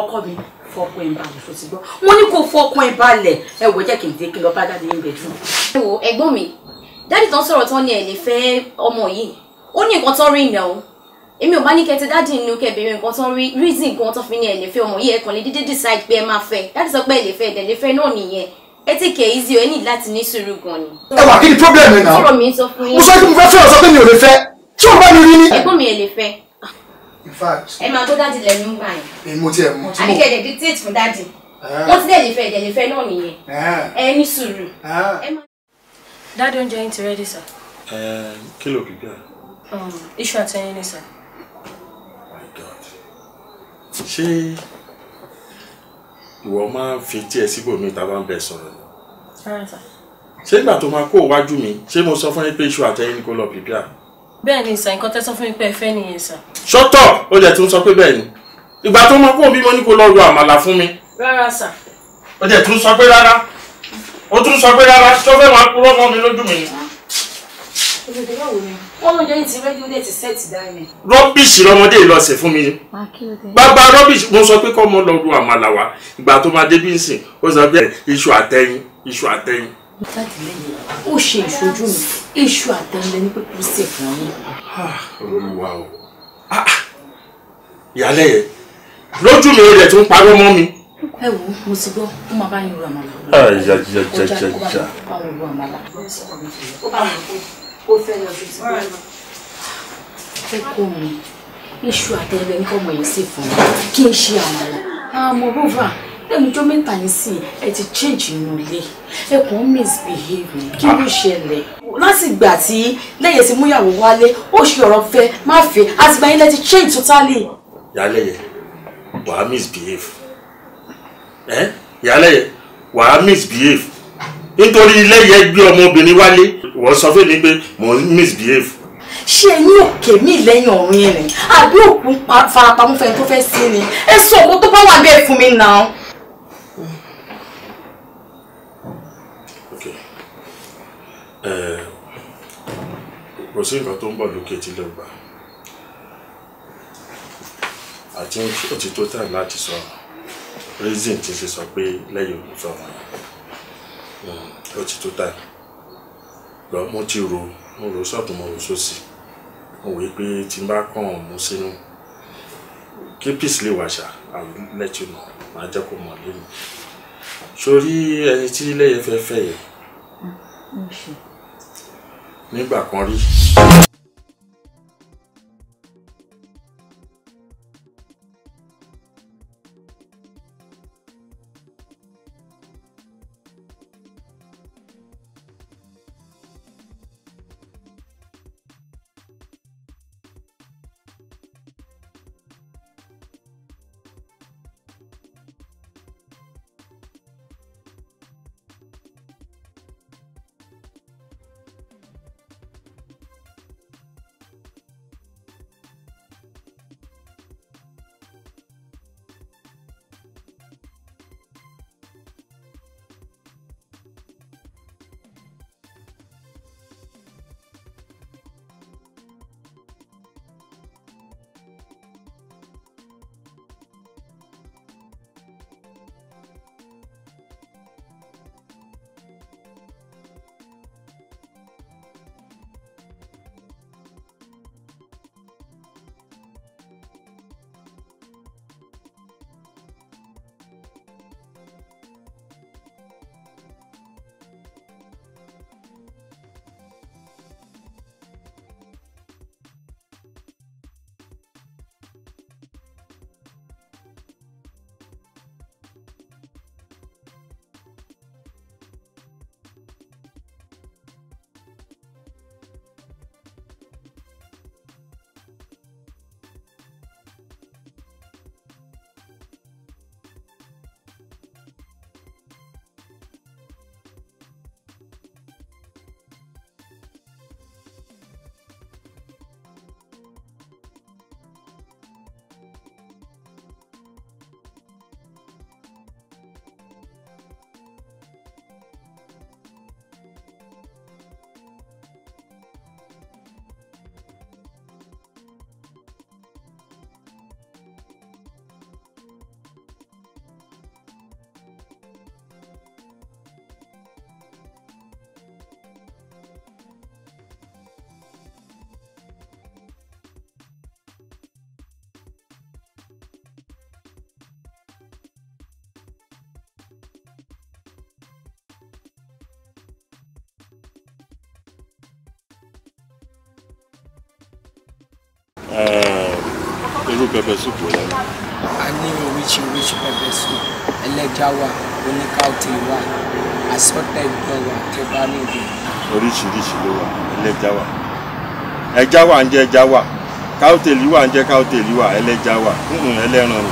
ọkọ mi fọkàn ẹ balẹ̀ tó ti gbọ́ wọ́n ní kó fọkàn ẹ balẹ̀ ẹ wò jẹ́ kí n dé kí n lọ bá dáadé ń bẹ̀ dùn. ẹ wo ẹ̀gbọ́n mi dáàdì tán sọ̀rọ̀ tán ni ẹ̀ lè fẹ́ ọmọ yìí ó ní nǹkan tán rí ìnáwó èmi ò bá ní kẹ́ ti dáàdì nínú kẹbìrì nǹkan tó ń rí reason gan tó fi ní ẹ lè fẹ́ ọmọ yìí ẹ kàn lè dédé decide pé ẹ máa fẹ́ dáàdì sọ pé ẹ lè fẹ́ ẹ lè fẹ́ náà nìyẹn ẹ ti kẹ easy o ẹ ní láti ní sùúrù gan ni. ẹ wà kí ni problem ẹ náà mo sọ pé mo fẹ́ fẹ́ ọ sọ pé mi ò lè fẹ́ tí òun bá mi rí ní. ẹ̀gbọ́n mi ẹ lè fẹ́. in fact ẹ máa tó dáàdì lẹ́nu gbà yẹn. èmi mo tiẹ̀ mọ̀ tí mo. àbíkẹ́ ẹ̀dẹ̀ dictate fún dáàdì eh. wọ́n ti dẹ̀ lè fẹ́ ẹ̀dẹ̀ lè fẹ́ náà nìyẹn eh. ẹ ní sùúrù. Eh. dáàdì oúnjẹ yín ti rẹ́dí sà. kí ló kì í bẹ́ẹ̀. Um, iṣu àtẹyin ni sà ṣé ìwọ máa ń fi tí ẹ síbòmí ta bá ń bẹ sọ̀rọ̀ ni. ṣé ìgbà tó máa kó iwájú mi ṣé mo sọ fún yín pé iṣu àtẹyìn kò lọ pípíà. bẹ́ẹ̀ni sà nǹkan tẹ́ sọ fún mi pé ẹ fẹ́ nìyẹn sà. ṣọtọ ó jẹ tí ń sọ pé bẹ́ẹ̀ni ìgbà tó máa kó òbí mo ní kó lọ ro àmàlà fún mi. rárá sà. ó jẹ tí ń sọ pé rárá ó tún sọ pé rárá tó máa kúrò mọ́ mi lójú mi ni. olùdó báwo ni wọ́n lóúnjẹ yìí ti rẹ́dí ó dé ti sẹ́ẹ̀tì dáìmẹ̀. rọ́bìṣì lọmọdé lọ sí fún mi. bàbá rọ́bìṣì mo sọ pé kọ́ ọmọ lọ́ọ́ lu àmàlà wa ìgbà tó máa débi ń sìn ó sọ bẹ́ẹ̀ iṣu àtẹ̀yìn iṣu àtẹ̀yìn. ó ṣe ìṣojú mi iṣu àtẹ̀yìn lẹni pé kò sí ẹ̀fọn mi. olúwa o ìyálẹ̀ yẹn lójú mi rẹ̀ tó ń parọ́ mọ́ mi. ẹ wo mo ti gbọ́ ó máa bá yín ru àmàlà. ó já kó bá mi pa òru àmàlà ó bá mi kú ó fẹ́ lọ sí ti bọ́ọ̀lù. ẹ fún mi kí n ṣe àmàlà àmọ́ bófà lẹ́nujọ́ mẹ́ta yìí sì ẹ ti change inú ilé ẹ kàn ń misbehave kí ló ṣẹlẹ̀. láti tí lẹ́yìn tí múyàwó wálé ó ṣe ọ̀rọ̀ fẹ́ má fẹ́ àtìgbà yín lẹ ti change totally. yálẹ̀yẹ wàá misbehave ẹ yálẹ̀yẹ wàá misbehave nítorí ilé yẹn gbé ọmọbìnrin wálé wọ́n sọ fún mi pé mo misbehave. ṣé ẹni òkè mí lẹ́yìn ọ̀run yẹn ni àbí òkú farapamọ́ fẹ́ tó fẹ́ sí ni ẹ sọ ọkọ tó bá wà bẹ́ẹ̀ fún mi náà. kò sí nǹkan tó ń bọ̀ lókè tí lè gbà àti ó ti tó tán láti sọ reason ti ṣe sọ pé lẹ́yìn olùsọ̀rọ̀ yẹn. Hmm. ó ti tó táyì lọ mo ti rò mo rò sọ́tún mo rò sósì mo wòye pé tí n bá kàn mú sínú kí peace lè wà ṣá àwọn lẹ́tí mọ̀ máa jẹ́ kó mọ̀ lẹ́nu sórí ẹni tí lẹ́yẹ fẹ́ fẹ́ yẹ mm, nígbà kan rí. irú pẹpẹ súpù a ní oríṣiríṣi pẹpẹ súpù ẹlẹ́ja wa oníkàùtì wa assorted gan wà tẹ bá níbi. oríṣiríṣi ló wà ẹlẹ́ja wà ẹja wà ń jẹ ẹja wà káùtèlì wà ń jẹ káùtèlì wà ẹlẹ́ja wà ẹlẹ́ran ni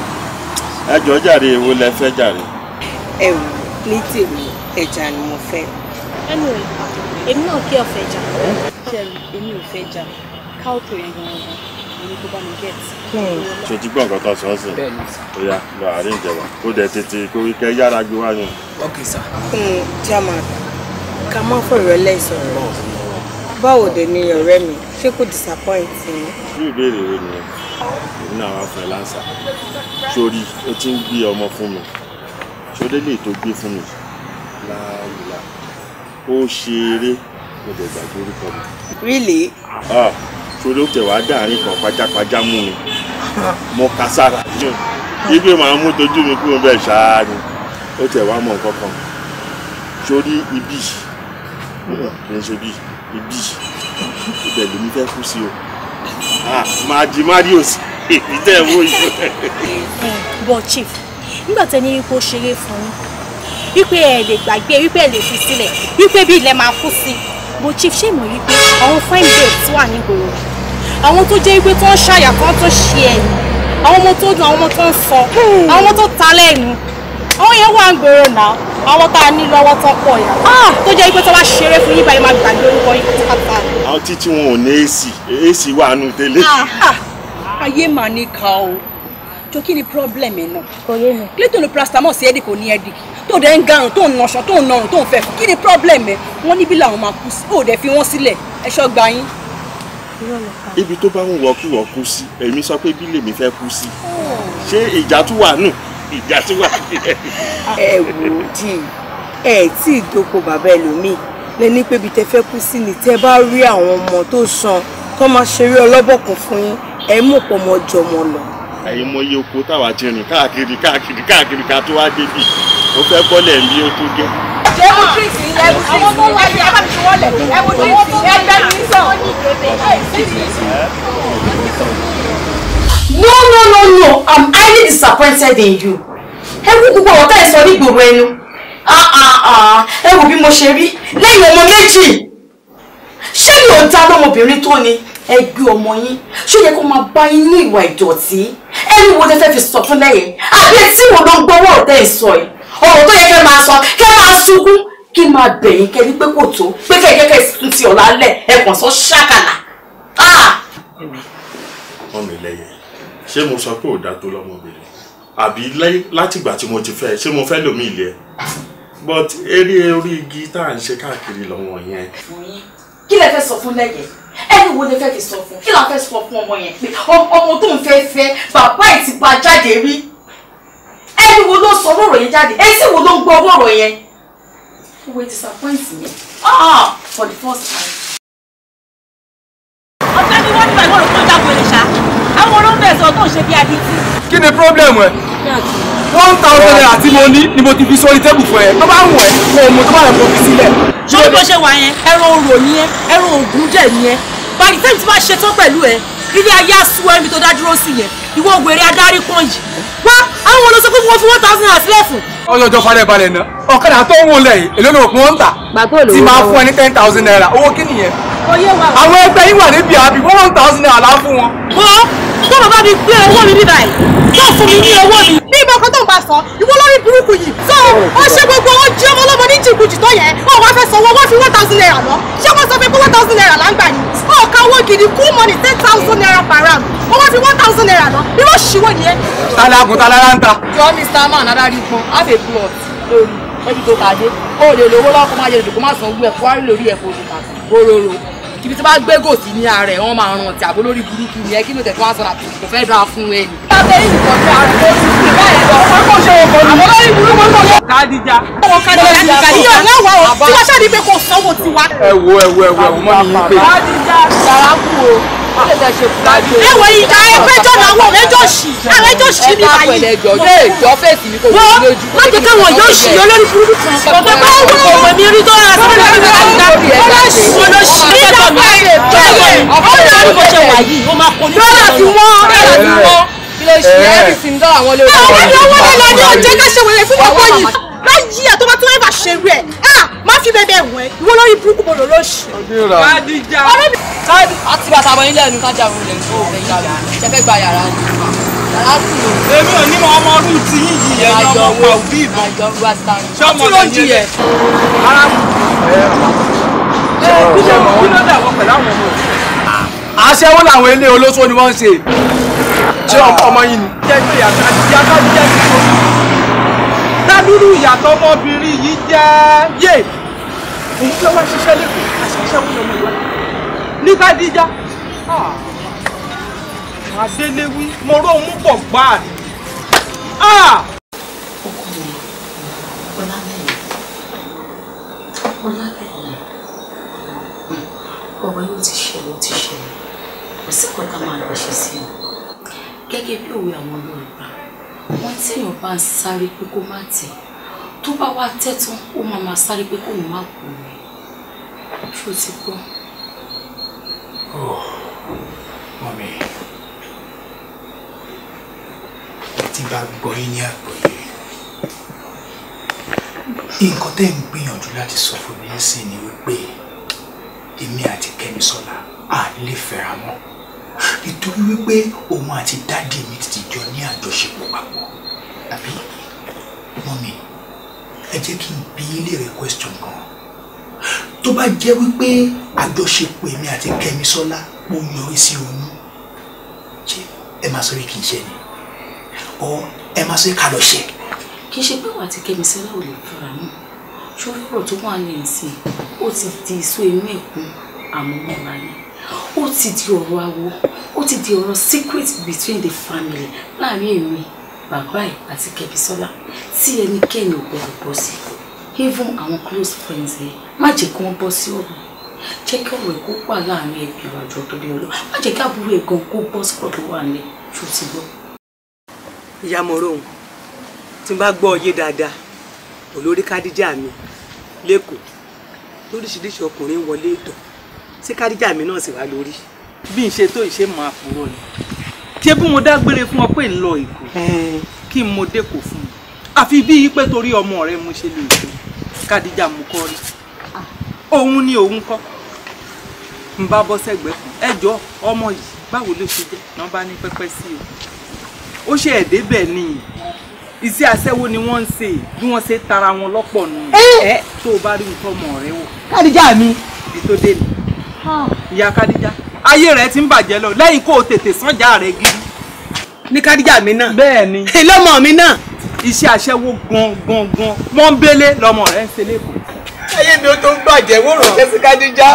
ẹjọ́ jàre èwo lẹ fẹ́ jàre. ẹ wò ní tèmi ẹja mo fẹ́. ní kó bá mi get. Hmm. ṣe ti gbọ́ nǹkan kan sọ ọ́ sí i oya lọ àárín ìjẹba ó dẹ̀ tètè kó wíkẹ́ yára gbé wá yẹn. ok sir. jama hmm, ká má fọ̀rọ̀ lẹ́ sọ̀rọ̀ báwo dé ni ọ̀rẹ́ mi ṣé kò disappoint ni. bí ìbéèrè rẹ nìyẹn èmi náà wàá fún ẹ sórí ó ti ń gbé ọmọ fún mi sódé lè tó gbé fún mi láàyè ó ṣeré mo dẹ̀ gbàgbé orúkọ mi. really. ah torí ó tẹ̀ wá dáàrin kan pajápajá mú mi mo kà sára jù ibi màá mú dojú mi kúrò bẹ́ẹ̀ ṣáá ni ó tẹ̀ wá mọ̀ nǹkan kan ibi kì í ṣe bí ibi ibẹ̀ lèmi fẹ́ kú sí o máa di marius èyí tẹ̀ wó yìí. bọ́ chief nígbà tẹ́ ní kó ṣeré fún yín wípé ẹ lè gbàgbé wípé ẹ lè fi sílẹ̀ wípé bí ilẹ̀ máa kú sí bó chief ṣe mọ̀ wípé àwọn fine girls wà nígboro àwọn tó jẹ́ wípé tó ń ṣàyà kan tó ṣe ẹ̀yìn àwọn ọmọ tó dùn àwọn ọmọ tó ń sọ hmm. àwọn ọmọ tó ta lẹ́nu àwọn yẹn wà ń gbèrò náà àwọn tá a ní lọ́wọ́ tó pọ̀ yà ah! tó jẹ́ wípé tó bá ṣeré fún yín báyìí máa gbàgbé orúkọ yín pátápátá. àwọn títí wọn ò ní èsì èsì wà nù tẹ́lẹ̀. Ah! Ah! ayé màá ní ká o jọ kí ni problem ẹ náà. kò yé mi. clayton ló paracetamol sí ẹ̀dínkù ní ẹ̀dínkù tó dẹ̀ ń garùn tó ń nọṣọ tó ń nọrùn tó ń fẹ́ kí ni problem ẹ wọ́n níbí làwọn máa kú sí òòdẹ̀ fi wọ́n sílẹ̀ ẹ̀ṣọ́ gbà yín ibi tó bá ń wọkú wọkú sí èmi sọ pé bí lèmi fẹ́ kú sí ṣé ìjà tún wà nù ìjà tún wà nù. ẹ wò ó di ẹ tí ìdókò bàbá ẹlòmíì lẹni pé ibi tẹ́ fẹ́ kú sí ni tẹ́ bá rí àwọn ọmọ tó san tó máa ṣeré ọlọ́bọ̀kún fún yín ẹ mú pọ̀ mọ́ jọmọ lọ. ẹ̀yin mọ iye oko táwa ti rìn káàkiri káàkiri káàkiri ká tó wá débi ó fẹ́ bọ́lẹ̀ ń bí ó tó gẹ́ no no no no i'm highly disappointed in you ẹ̀wù gbogbo ọ̀rọ̀ tẹ́ ẹ sọ ní gbòòrò ẹnu ẹ̀wù bí mo ṣe rí lẹ́yìn ọmọ méjì ṣé mi ò ta lọ́mọbìnrin tó ni ẹ gbé ọmọ yín ṣó yẹ kó máa bá yín ní ìwà ìdọ̀tí ẹni wo tẹ́tẹ́ fi sọ fún lẹ́yìn àbí etí wo ló ń gbọ́wọ́ ọ̀tẹ́ ìsọ yìí ọ̀rọ̀ tó yẹ kẹ́ máa sọ kẹ́ máa sunkún kí n máa bẹ̀yìn kẹ́ ní pé kò tó pé kẹ́kẹ́kẹ́ tún ti ọ̀la lẹ̀ ẹ̀kàn sọ ṣákàlà. wọ́n ah! mi lẹ́yìn ṣé mo sọ pé ò dáa tó lọ́mọbìnrin àbí látìgbà tí mo ti fẹ́ ṣé mo fẹ́ lómi ilé ẹ̀ but eré orí igi tá à ń ṣe káàkiri lọ́wọ́ yẹn. kí lẹ fẹ́ sọ fún lẹ́yìn ẹni wo lè fẹ́ kí sọ fún kí la fẹ́ sọ fún ọmọ yẹn pé ọmọ tó ń fẹ́ fẹ́ bàbá ẹ̀ ti bá jáde rí ẹni wo ló sọ ọ̀rọ̀ yẹn jáde ẹ sì wo ló ń gbọ́ ọ̀rọ̀ yẹn who will disappoint me ah for the first time. ọ̀gbẹ́ mi wọ́n ní bàbá òun kó jáde lè ṣá àwọn olóńgbò ẹ̀sán tó ń ṣe bí adití. kí ni problem ẹ one thousand naira tí mo ní ni mo ti fi sórí tébù fún ẹ tó bá wù ẹ kó o mo tó bá rẹ kó o fi sílẹ̀. ṣé bó ṣe wà yẹn ẹran orò ni ẹ ẹran ògùn jẹ ni ẹ báyìí tẹ́lifí ti bá ṣetán pẹ̀lú ẹ ilé ayé àsúwẹ́rì mi tó dá dúró sí yẹn ìwọ ògbèrè adarí pọ́n yìí wá àwọn olóṣèkú fún wọn fún one thousand naira sílẹ̀ fún. ọlọ́jọ́ falẹ̀ balẹ̀ náà ọ̀kadà tó ń wọlé yìí èló ni òpin wọn ń tà tí máa fún ẹ ní ten thousand naira owó kí nìyẹn. àwọn ẹgbẹ́ yín wà níbi àbí one thousand naira lá fún wọn. wọ́n tó bàbá mi gbé owó mi bíbáyìí tó fún mi ní owó mi nǹkan tó ń bá sọ ìwọ lórí burúkú yìí so ó ṣe gbogbo owó jí ọmọ ọlọ́mọ ní jìbìtì tó yẹ ó wá fẹ́ sanwó wọ́n fi one thousand naira lọ ṣé wọ́n sọ pé one thousand naira là ń gbà yìí ó ka owó gidi cool money. ten thousand naira per round ó wá fi one thousand naira lọ bí wọ́n ṣíwó nìyẹn. tálá kun tálá ń ta. yọ mr man adarí pọn á fẹ́ blood lórí lójú tó kàdé ó lè lówó lọ́kọ́ máa yẹ lòdì kó má san owó ẹ̀kọ́ wá kíbi tí bá gbé gòsì ní ara ẹ̀ máa ràn tí àbó lórí burúkú yẹn kí ló tẹ̀ tí wọ́n sọ àti kò fẹ́ dáa fún ẹ ni. káfíń ìkọ̀ tí a rẹ̀ tó ti fi bẹ́ẹ̀ lọ ṣe òkò ní. àbọ̀ lórí burúkú kò lọ. kádìjà. ọwọ́ kádìjà kádìjà náà wà ó tí wọ́n ṣàdí pé kò sanwó tiwa. ẹ wo ẹ wo ẹ wo ẹ wo pé. kádìjà sàrákù o ẹwọ yìí ká ẹgbẹjọ náà wọ ẹjọ sí àwọn ẹjọ sí mi báyìí. ẹ má jẹ káwọn yóò sí olórí burúkú kan bàbá owó ọmọ mi rí tó ra sílẹ̀ lórí àgbà olóṣì olóṣì ní ẹ̀kọ́ mi bẹ́ẹ̀ olórí bó ṣe wà yìí ó máa kó ní ọ̀la fi wọ́n ọ̀la fi wọ́n. kí ló ṣe ẹ́ bí sindọ́ àwọn olórí. àwọn ọmọ mi ò wọlé lọ ní ọjọ́ ká ṣe wẹ̀lẹ̀ fún bàbá yìí láyé àtọ́mọ́tọ́mọ́ ẹ̀ bá ṣe rẹ̀ ẹ má fi bẹ́ẹ̀ bẹ́ẹ̀ wọ̀ ẹ́ ìwọ burúkú mo lò lóṣù. kàdíjà káàdì àti bàtà àbọ̀ nílẹ̀ ẹnu kájà òun lè tó òun yàrá ni èmi ò ní ọmọ ọdún tí yín yìí yẹn ní ọmọ pa òbí ìbọn ṣọmọ ló jí yẹ. kí ló dà wọ pẹ̀lú àwọn ọmọ òbí. aṣẹ́wó làwọn ilé olóṣó ni wọ́n ń ṣe ṣé ọmọ yìí ni. jẹ́ pé yàtọ̀ àti jẹ́ kí ló dá ìyàtọ̀ ọmọbìnrin yìí jẹ́ yé èyí tí wọ́n wá ṣiṣẹ́ lẹ́kọ̀ọ́ àṣìṣe wọn lọ́mọ ìwà ní kádíjà ah. adéléwí mo ró òun pọ̀ gbáà ni. ọkùnrin ah. ọlálẹ́yìn ọlálẹ́yìn ọ̀rọ̀ yóò ti ṣẹlẹ̀ ó ti ṣẹlẹ̀ kò sí kan tá máa lọ ṣe sí i gẹ́gẹ́ bí òwe àwọn Yorùbá wọ́n téèyàn bá ń sáré pé kó má tẹ̀ tó bá wá tẹ̀ tán ó máa máa sáré pé kóun má kú ni ṣó ti gbọ́. mọ̀mí tí bá gbọ́ yín ní àgbọ́yé nǹkan tẹ́ ń gbìyànjú láti sọ fún mi sí ni wípé èmi àti Kẹ́misọ́lá à ń lè fẹ́ra mọ́ nítorí wípé òun àti dáàdì mi ti jọ ní àjọṣepọ̀ papọ̀ àbí mọ́mí ẹ jẹ́ kí n bi í léèrè question kan tó bá jẹ́ wípé àjọṣepọ̀ èmi àti Kẹ́misọ́lá mo yọrí sí oyún ṣé ẹ máa sọ pé kì í ṣe ni ọ ẹ máa sọ pé ká lọ ṣe. kì í ṣe pé àwọn àti Kẹ́misọ́lá ò lè fura mọ́ sórí ọ̀rọ̀ tó wà lè sìn ó ti di ìsó inú ẹ̀kún àmúmọ́ra yẹn ó ti di ọ̀rọ̀ awo ó ti di ọ̀rọ̀ secret between the family láàrin èmi bàbá ẹ̀ àti Kẹ́misọ́lá tí ẹnikẹ́ni ò gbọdọ̀ bọ́ sí i even àwọn close friends ẹ eh, má jẹ́ kí wọ́n bọ́ sí ọ̀rọ̀ jẹ́ kí ọ̀rọ̀ ẹ̀ kó wà láàrin ẹbí àjọ tó lé ọlọ́ má jẹ́ kí àbúrò ẹ̀ gan kó bọ́ sí ọ̀dọ̀ wà ní ṣó ti gbọ́. ìyá mọ̀rọ̀ òun tí n bá gbọ́ ọ yé dáadáa olórí kádíjà mi lẹ́kọ̀ọ́ lóríṣiríṣi ọkùnrin wọlé ìtọ̀ tí kádíjà mi náà sì wá lórí. bí n ṣe tó ìṣe máa purọ́ ni ṣé bí mo dágbére fún ọ pé ń lọ èkó kí n mo dẹ́kọ̀ fún un àfi bíi pé torí ọmọ rẹ mo ṣe lè ṣe kádìjà mú kọ́ rí òun ni òun kọ́ n bá bọ́ sẹ́gbẹ̀ẹ́ kan ẹjọ́ ọmọ yìí báwo ló ṣe jẹ́ náà bá ní pẹ́pẹ́ sí o ó ṣe ẹ̀dẹ́ bẹ̀ ni iṣẹ́ aṣẹ́wó ni wọ́n ń ṣe bí wọ́n ṣe tara wọn lọ́pọ̀ nù ẹ́ tó o bá rí nǹkan ọmọ rẹ wò. kádìjà mi. ibi tó dé ni ìyá kádìjà ayé rẹ ti ń bàjẹ́ lọ lẹ́yìn kó o tètè sànjà rẹ gidi. ní kádìjà mi náà. bẹ́ẹ̀ ni. èlọ́mọ mi náà iṣẹ́ aṣẹ́wó gangan mọ́ńbélé lọmọ rẹ ń ṣe lẹ́kọ̀ọ́. ayé mi ó tó ń bàjẹ́ wọ́n rò jẹ́sí kádíjà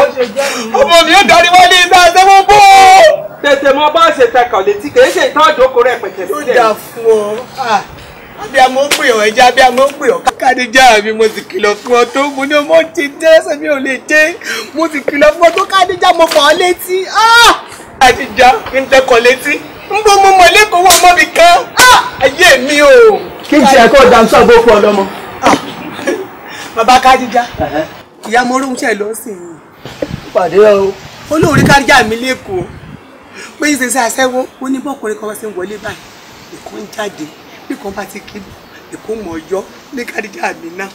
ọmọ mi ó darí wọlé iná àtẹ́wọ́ bó. tètè mọ bá ṣe ta létí kì í ṣe ìtọ́jú okòó rẹ pẹ̀tẹ̀ sílẹ̀. ó dà fún ọ abiyamọ ń pè ọ ẹjẹ abiyamọ ń pè ọ kádíjà mi mo sì kìlọ̀ fún ọ tó mo ní ọmọ ti dé sẹmi ò lè dé mo sì kìlọ̀ fún ọ tó kádíjà mo fà ọ létí kádíjà ń tẹkọ létí ń bọ mo mọ lẹkọọ ọmọ mi kan ayé mi o kí n tiẹ̀ kọ́ dàmsọ àgbo fún ọlọ́mọ. bàbá kájíjá ìyá mo róhun tiẹ̀ lọ sí i. pàdé ọ. olóòrí kájíjá mi lẹ́kọ̀ọ́ pé ṣe ṣe aṣẹ́wó ó ní bọ́kùnrin kan ṣe ń wọlé báyìí nìkan ń jáde nìkan bá ti kébù nìkan mọ̀ ọyọ́ ní kájíjá mi náà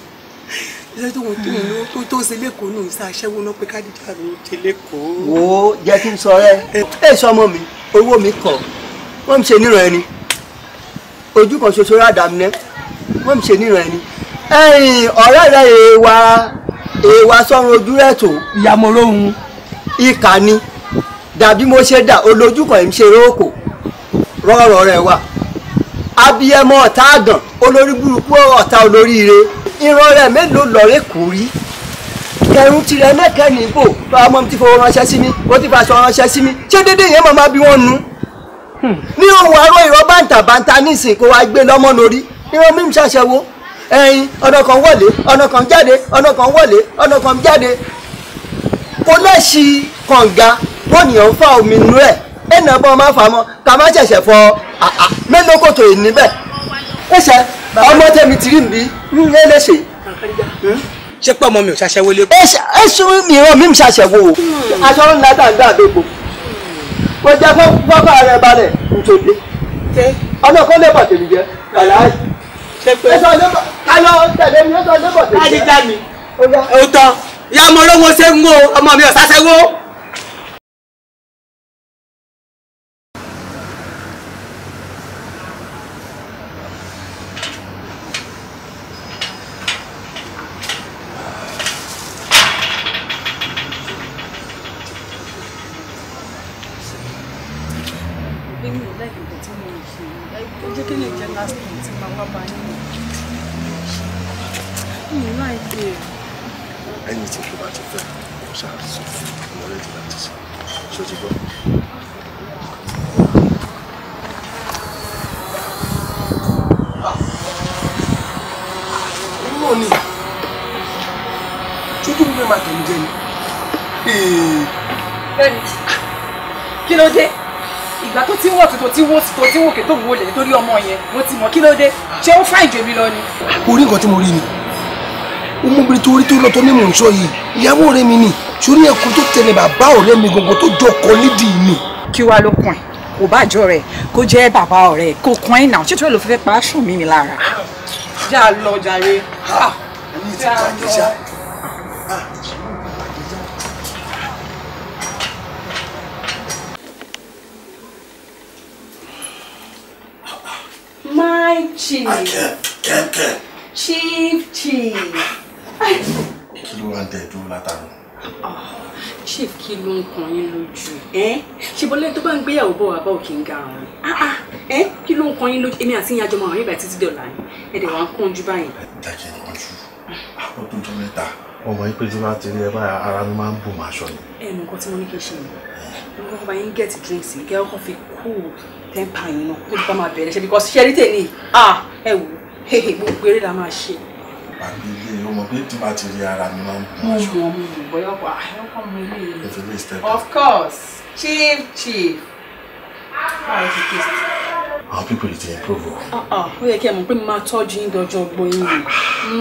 ilé tó wọn tó ń lọ tó tó ṣe lẹ́kọ̀ọ́ náà ṣe aṣẹ́wó náà pé kájíjá mi ṣe lẹ́kọ̀ọ́. wo jẹ́ kí n sọ rẹ ẹ sọ ọmọ mi owó mi kọ wọn ṣe nírọ ẹni ojú kan ṣoṣo rádà mi náà wọ́n ṣe níran ẹni. ẹ̀yin ọ̀rẹ́ rẹ̀ èèwà èèwà sọ́run ojú rẹ̀ tó ìyàmọ̀ ìkà ni dàbí mo ṣe dà olójú kan ẹ̀ ń ṣe róòkò rọ́rọ̀ rẹ̀ wà abiyẹmọ ọ̀tá àgàn olórí burúkú ọ̀tá olóríire ìran rẹ̀ mélòó lọ́rẹ́ kò rí kẹrun tirẹ̀ náà kẹ́ níbò bá ọmọ mi ti fowó ránṣẹ́ sí mi ó ti fàṣọ ránṣẹ́ sí mi ṣé déédéé yẹn máa bí wọ́n nu ní òun àrò ìrọ́ bàǹtàbàǹtà ní ìsìnkú wa gbé lọ́mọ lórí ìrọ́ mímu ṣàṣẹwó ẹyin ọ̀nà kan wọlé ọ̀nà kan jáde ọ̀nà kan wọlé ọ̀nà kan jáde kò lẹ́sì kànga wọ́n nìyàn ń fa omi nú ẹ̀ ẹ̀nà bọ́ máa fà mọ́ ká má ṣẹ̀ṣẹ̀ fọ àà mélòó kòtò yìí níbẹ̀ ẹ̀ṣẹ̀ ọmọ tẹ̀mí tìrì mi ń lé ṣe. ṣé pé ọmọ mi ò ṣàṣẹwó lé. ẹ̀ṣẹ̀ mi ò mi ń ṣàṣẹwó aṣọ ńlá dàgbà àbẹ̀bò mo jẹ́ fún fọ́fà rẹ̀ balẹ̀ nítorí ọ̀nà kan lè bàtẹ̀ mi jẹ́ bàláyì. ayọ̀ tẹ̀lé mi ó sọ lébọ̀ tẹ̀lé mi. ó tán ìyá ọmọ olówó ṣe ń wo ọmọ mi ọ̀sá ṣe wo. kí last time tí màá wá bá yín mi mi láì dé. ẹni tí kò bá ti fẹ́ kò sáà sọ fún ọmọ rẹ̀ láti sọ ṣó ti gbọ́. náà ah! ni ṣojú mi ìgbà tó ti ń wọ̀ tó ti ń wò tó ti ń wòkè tó ń wòlẹ̀ torí ọmọ yẹn mo ti mọ̀ kí ló dé ṣé ó fà ìjòbi lọ ni. orí nǹkan tí mo rí ni ọmọbìnrin tó rí tó lọ tó ní mò ń sọ yìí ìyàwó ọ̀rẹ́ mi ni sórí ẹkùn tó tẹ̀lé bàbá ọ̀rẹ́ mi gbogbo tó jọkọ nídìí mi. kí wàá ló kàn kò bá jọ rẹ kó jẹ bàbá ọ̀rẹ́ kó kàn ẹ́ náà ṣètò ẹ ló fẹ́ pa aṣọ mi mi lára. Ah. já lọ jàre. ha ah. ní My chief. Akẹ́ kẹ́kẹ́. Chief chief. Kí ló wá ń tẹ dúró látàrí? Chief kí ló ń kan yín lójú? Ṣé bọ́lá tó bá ń gbéyàwó bọ̀ wá bá òkè ń ga ọ̀run? Ah, ah, kí ló ń kan yín lójú? Èmi àti ìyá jọmọ àwọn ìgbà títí dọ̀là ni. Ẹ̀dẹ̀ wá ń kún ojú báyìí. Ìdájẹ́ ìkànjú. Àwọn tó jọ mẹ́ta ọmọ yìí pé tí bá ti rí ẹ báyà ara mi máa ń bù máa ṣọ ni. ẹnu nǹkan tí mo ní kí ṣe ni nǹkan bá yín get drinks kí ẹ kàn fi cool tẹ́ǹpà yín náà kó bá máa bẹ̀rẹ̀ ṣe because ṣẹ́rí tèmi ah, ẹ wò gbogbo eré la máa ṣe. àbí ilé ọmọ pé tí bá ti rí ara mi máa ń bọ̀ aṣọ. mo ah, mọ mo mọ bóyá ọkọ àyọkọ mi lè. of course chief chief. Àwọn pípò yìí ti improve o. Ah, ó yẹ kí ẹ mọ̀ pé máa tọ́jú yín dọjọ́ ọgbọ́n yín ni.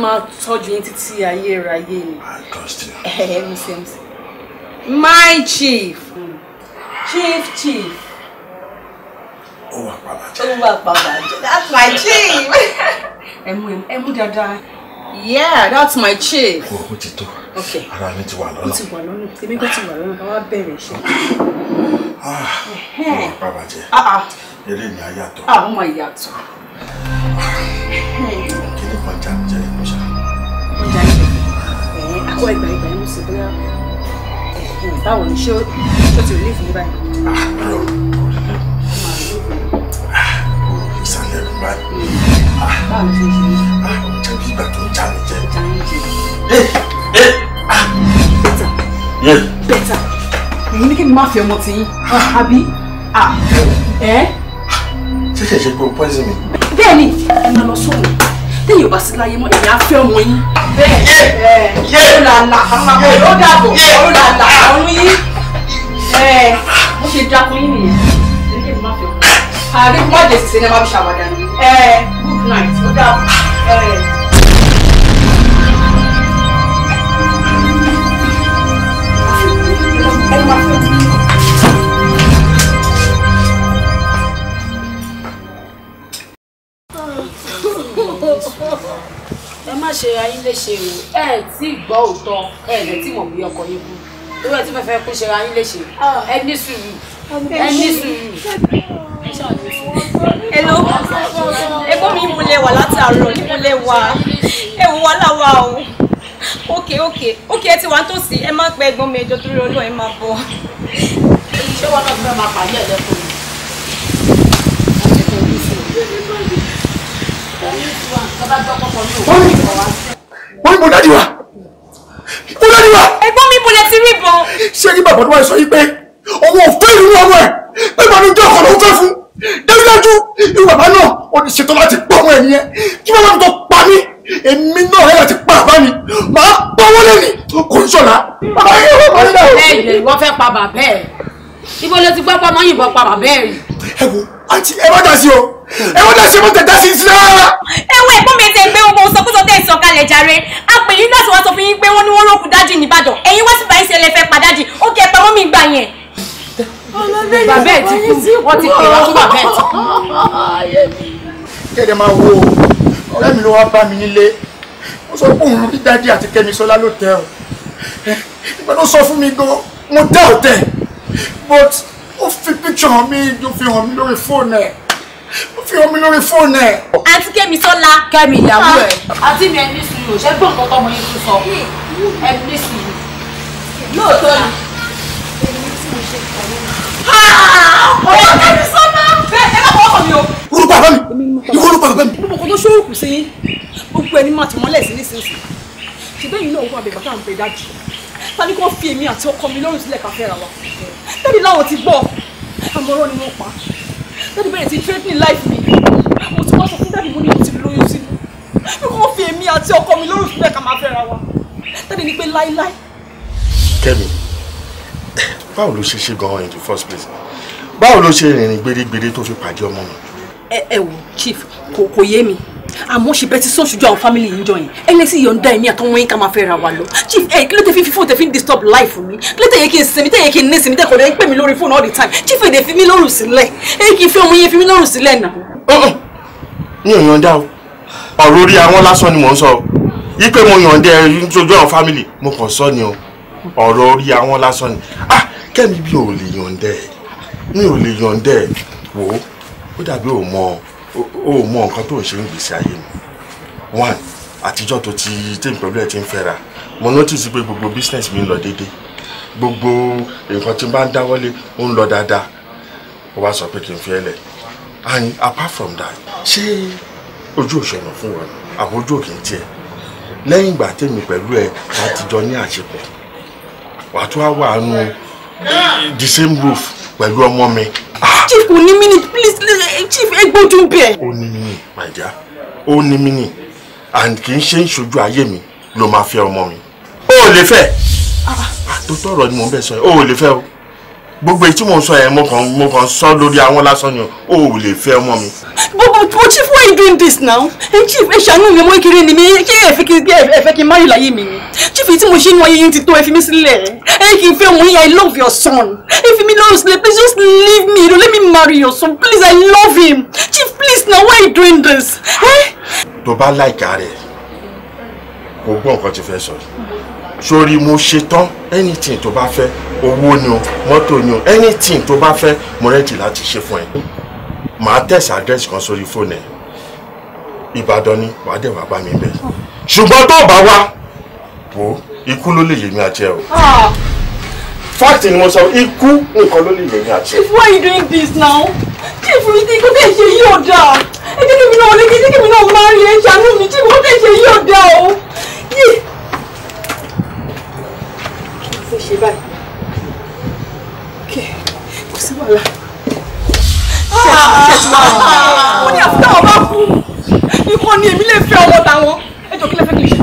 Máa tọ́jú yín títí ayérayé ni. I trust you. Ẹ ẹ mi sẹ́mi sẹ́mi. My chief. Hmm. Chief chief ó wà padà jẹ. ó wà padà that's my chief. ẹmu ẹmu dáadáa. yeah that's my chief. o o ti tó ara mi ti wà lọ́nà. o ti wà lọ́nà èmi kò ti wà lọ́nà ká wá bẹ̀rẹ̀ ṣe. Ah, ó wà padà jẹ ah, ah. eré mi á yàtọ̀. àwọn máa yàtọ̀. kí ló máa jáde jẹ ìmúṣà. ọjà ìgbà ẹ̀ akọ ìgbà ìgbà ẹ̀ mú sí bóyá báwo ni ṣé ó ti rí léèfù ní báyìí. báyìí. báwo ló ṣe ń ṣe yìí. àjọ bí ìgbà tó ń já mi jẹ. já mi jẹ. bẹ́tà èyí ni kí ni má fi ọmọ tiyín àbí ẹ. ṣé ṣe ṣe pé o poison mi. bẹ́ẹ̀ni ẹ máa lọ sóòrùn téèyàn bá sí láyé mọ èyí á fẹ́ ọmọ yín. bẹ́ẹ̀ ẹ ó là là ó dàbọ̀ ó là là ọ̀run yín ẹ bó ṣe dákun yín nìyẹn ààrẹ má jẹ sísè ní ẹ má fi ṣàwádà ní ẹ good night ó dà ẹ. ẹ má ṣe ayé léṣe o ẹ tí gbọ́ òótọ́ ẹ lẹ́ tí mọ̀ bí ọkọ yín kú lórí ẹ tí mo fẹ́ kó ṣe ayé léṣe ẹ ní sùúrù ẹ ní sùúrù hello ẹ̀gbọ́n mi mo lè wà látàárọ̀ ni mo lè wà ẹ wò wá láwa o okay okay okay ẹ ti wà nítòsí ẹ má pẹ́ ẹ̀gbọ́n mi ẹjọ́ torí Ọlọ́run ẹ má bọ̀. ṣé wọn náà fẹ́ máa pàdé ẹ̀ lẹ́kọ̀ọ́ mi. wọ́n ní mo dádì wa mo dádì wa. ẹ̀gbọ́n mi bolẹ̀ ti rí ìbọn. ṣé kí bàbá tó wáyé sọ yìí pé òun ò fẹ́ ìlú ọmọ ẹ̀ pé màá ní jọ́kọ̀ ló ń fẹ́ fún dájúdájú irú bàbá náà ó ti ṣetán láti pọ̀ ọmọ ẹ̀yìn yẹn kí bàbá mi tó pa mí èmi náà yẹ láti pa bàbá mi màá pa wọ́n lẹ́nu kò ń ṣọ̀la. bàbá yìí wọ́n máa ń dà o. bẹ́ẹ̀ ilẹ̀ ìwọ fẹ́ pa bàbá ẹ̀ ibo ló ti gbọ́ pọ́ mọ́ yìnbọn pa bàbá ẹ̀ rí. ẹ wo àǹtí ẹ má dà sí o ẹ má dà sí ẹ má dà sí sí rárá. ẹwọ ẹ̀gbọ́n mi ti gbé wọn mo sọkúsọ tẹ ìsọ kalẹ̀ jàre a pè yín láti wá sọ fún yín pé wọn ni wọn rókun dájì nìbàdàn ẹ̀yin wá sí báyìí bàbá ẹ̀ ti kú wọ́n ti pè wọ́n fún bàbá ẹ̀ ti kú. kẹ́ẹ̀dẹ̀ máa wo ọ̀rẹ́ mi ló wá bá mi nílé ó sọ pé òun rí dádì àti kẹ́mi sọlá ló tẹ ọ ìgbà tó sọ fún mi gan mo dá ọ̀tẹ̀ but ó fi picture mi ló fi hàn mí lórí fóònù ẹ̀ ó fi hàn mí lórí fóònù ẹ̀. àti kẹ́mi sọlá kẹ́mi ìyàwó ẹ̀. àti mi ẹni sùúrù ṣé gbọ́n nǹkan tọmọ yín tún sọ ẹni sùúrù lóòótọ́ ni. èmi tí mo ṣe kàwé Ah! ọ̀rọ̀ ọ̀tá mi sọ́nà. bẹ́ẹ̀ ẹ bá fọwọ́ kàn mí o. orúkọ àbá mi ìwọ orúkọ àbá mi. gbogbo tó ṣòro kù sí yín gbogbo ẹni máa tì mọ́lẹ̀ sí nísinsìnyí ṣùgbọ́n èyí náà wọ́n àbẹ̀bà tá à ń pè dájú ta ni kò fi èmi àti ọkọ mi lọ́rùn sílẹ̀ ká fẹ́ra wa lẹ́ni láwọn ti gbọ́ àmọ́ràn ni wọ́n pa lẹ́ni bẹ̀rẹ̀ ti threatening life mi mo ti wá sọ fún dáàdì mo ní mo ti lóyún sínú bí wọ́n fi èmi àti ọkọ mi lọ́rùn sílẹ̀ ká máa fẹ́ra wa lẹ́ni ni pé láíláí. kẹ́mi báwo ló ṣe ṣe gan-an in the first place báwo ló ṣe rìnrìn gbèrègbèrè tó fi pàdé ọmọ mi. ẹ ẹ wò chief kò kò yé mi àmọ́ ṣe bẹ́ẹ̀ ti sún ṣojú àwọn fámìlì yìí jọ yẹn ẹlẹ́sìn yọ̀ǹda ẹ̀mí àtọwọ́n yín ká máa fẹ́ ra wa lọ chief ẹ kí ló tẹ fi fi fóònù tẹ fi ń disturb life mi kí ló tẹ yẹ kí n sinmi tẹ yẹ kí n ní sinmi tẹ kọ̀ dẹ́ ń pè lórí fóònù all the time chief èdè fi mí lọ́rùn sílẹ̀ ẹ kì í fẹ́ ọmọ yẹn fi mí lọ́rùn sílẹ̀ nà. Oh, oh. mi ò yọ̀ǹda o ọ̀rọ̀ orí àwọn lásán ni mò ń sọ yí pé mo yọ̀ǹda ẹ ṣojú àwọn fámìlì mo kàn sọ ni o ọ̀rọ̀ orí àwọn lásán ni ah kẹ́mi bí ò lè yọ̀ǹdẹ́ mi ò lè yọ̀ǹdẹ́ wò ó ó dàbí ò mọ ò mọ nǹkan tó ń ṣe ń gbèsè ayé mi one àtijọ́ tó ti tèmi pẹ̀lú ẹ̀ ti ń fẹ́ra mo notice pé gbogbo business mi ń lọ déédéé gbogbo nǹkan tí n bá ń dáwọ́lé ó ń lọ dáadáa ó wá sọ pé kí n fi ẹ lẹ̀ and apart from that ṣé ojú òṣèlú fún wọn àbójú òkè ń tiẹ̀ lẹ́yìn ìgbà tèmi pẹ̀lú ẹ̀ àtijọ́ ní àṣepọ̀ wàá tún wá nù the same roof pẹ̀lú ọmọ mi. Ah! chief kò ní mini please eh, eh, chief egbójú bẹ́ẹ̀. ó ní mini my dear ó ní mini and kì í ṣe ń ṣojú ayé mi ló máa fẹ́ ọmọ mi. o ò lè fẹ́ ah. Ah, tó tọrọ ni mo bẹ sọ yẹn o ò lè fẹ́ o gbogbo èyí tí mò ń sọ yẹn mo kàn sọ lórí àwọn lásán ni o ò lè fẹ́ ọmọ mi. bọ́bọ̀ bọ́ chief why you doing this now? chief ẹ ṣàánú mi ọmọ ìkiri ni mi ṣé ẹ fẹ́ kí ẹ fẹ́ kí n má láyé mi ni chief tí mo ṣe ń wáyé yín ti tó ẹ fi mí sílẹ̀ ẹ kì í fẹ́ wọn I love your son If you mí lọ́rùn sleep, please just leave me you let me marry your son please I love him chief please now why you doing this? tó bá láìka rẹ̀ kò gbọ́ nǹkan tí fẹ́ sọ yìí sórí mo ṣetán anything tó bá fẹ́ owó ni o mọ́tò ni o anything tó bá fẹ́ mo rẹ́dì láti ṣe fún ẹ màá tẹ̀sí àdírẹ́sì kan sórí fóònù ẹ ìbàdàn ni wàá dẹ̀ wàá bá mi bẹ̀ ṣùgbọ́n tó bá wá wò ikú ló lè yèmí àjẹ o ah. fact ni mo sọ ikú nìkan ló lè yèmí àjẹ. Chief, why you doing this now? Chief, mi ti kó tẹ̀ ṣe yí ò dáa ẹ jẹ́ kí mi náà wọlé kí jẹ́ kí mi náà máa rí ẹ ṣàánú mi Chief, kó tẹ̀ ṣe yí ò o tún ṣe báyìí kò sí wàhálà ṣe ní àti táwọn bá kú nǹkan ni èmi lè fẹ́ ọmọ tàwọn ẹjọ́ kí lè fẹ́ kí n ṣe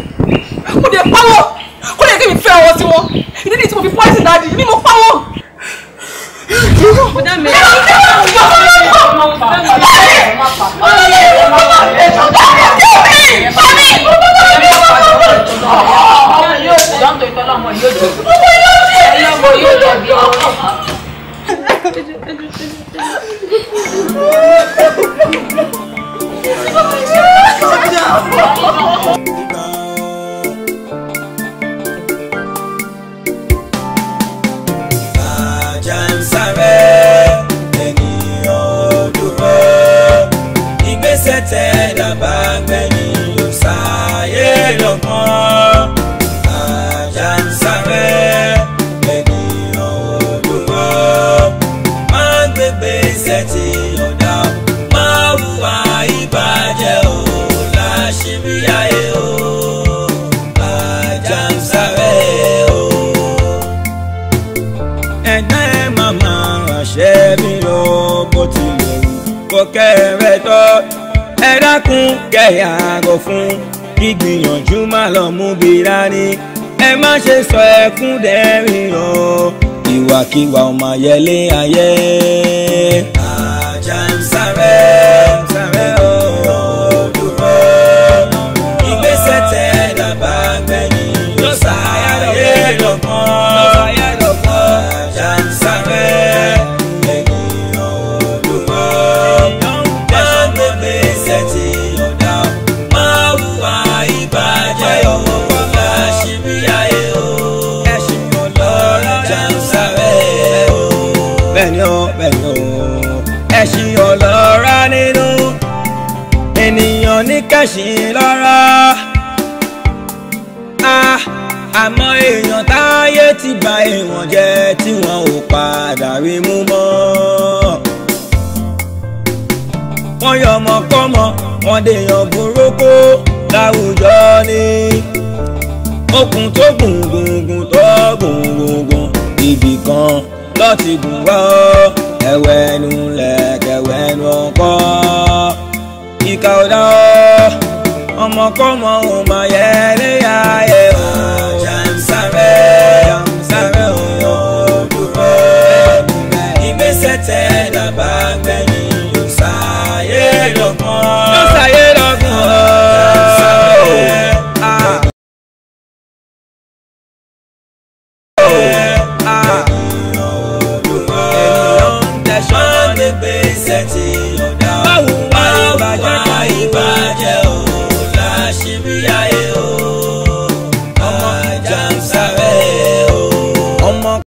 mo dé pawọ́ kó lè kí mi fẹ́ ọwọ́ sí wọn ìdí nìyí tí mo fi pọ́ìsì dáàdì ni mo pawọ́. Ọ̀dà mi. Ẹ̀rọ yóò sì lọ́tò ìtọ́lọ́mọ yóò jẹ̀bi ọlọ́mọ yóò jẹ̀bi ọkọ̀. ಮಾಯಲೇ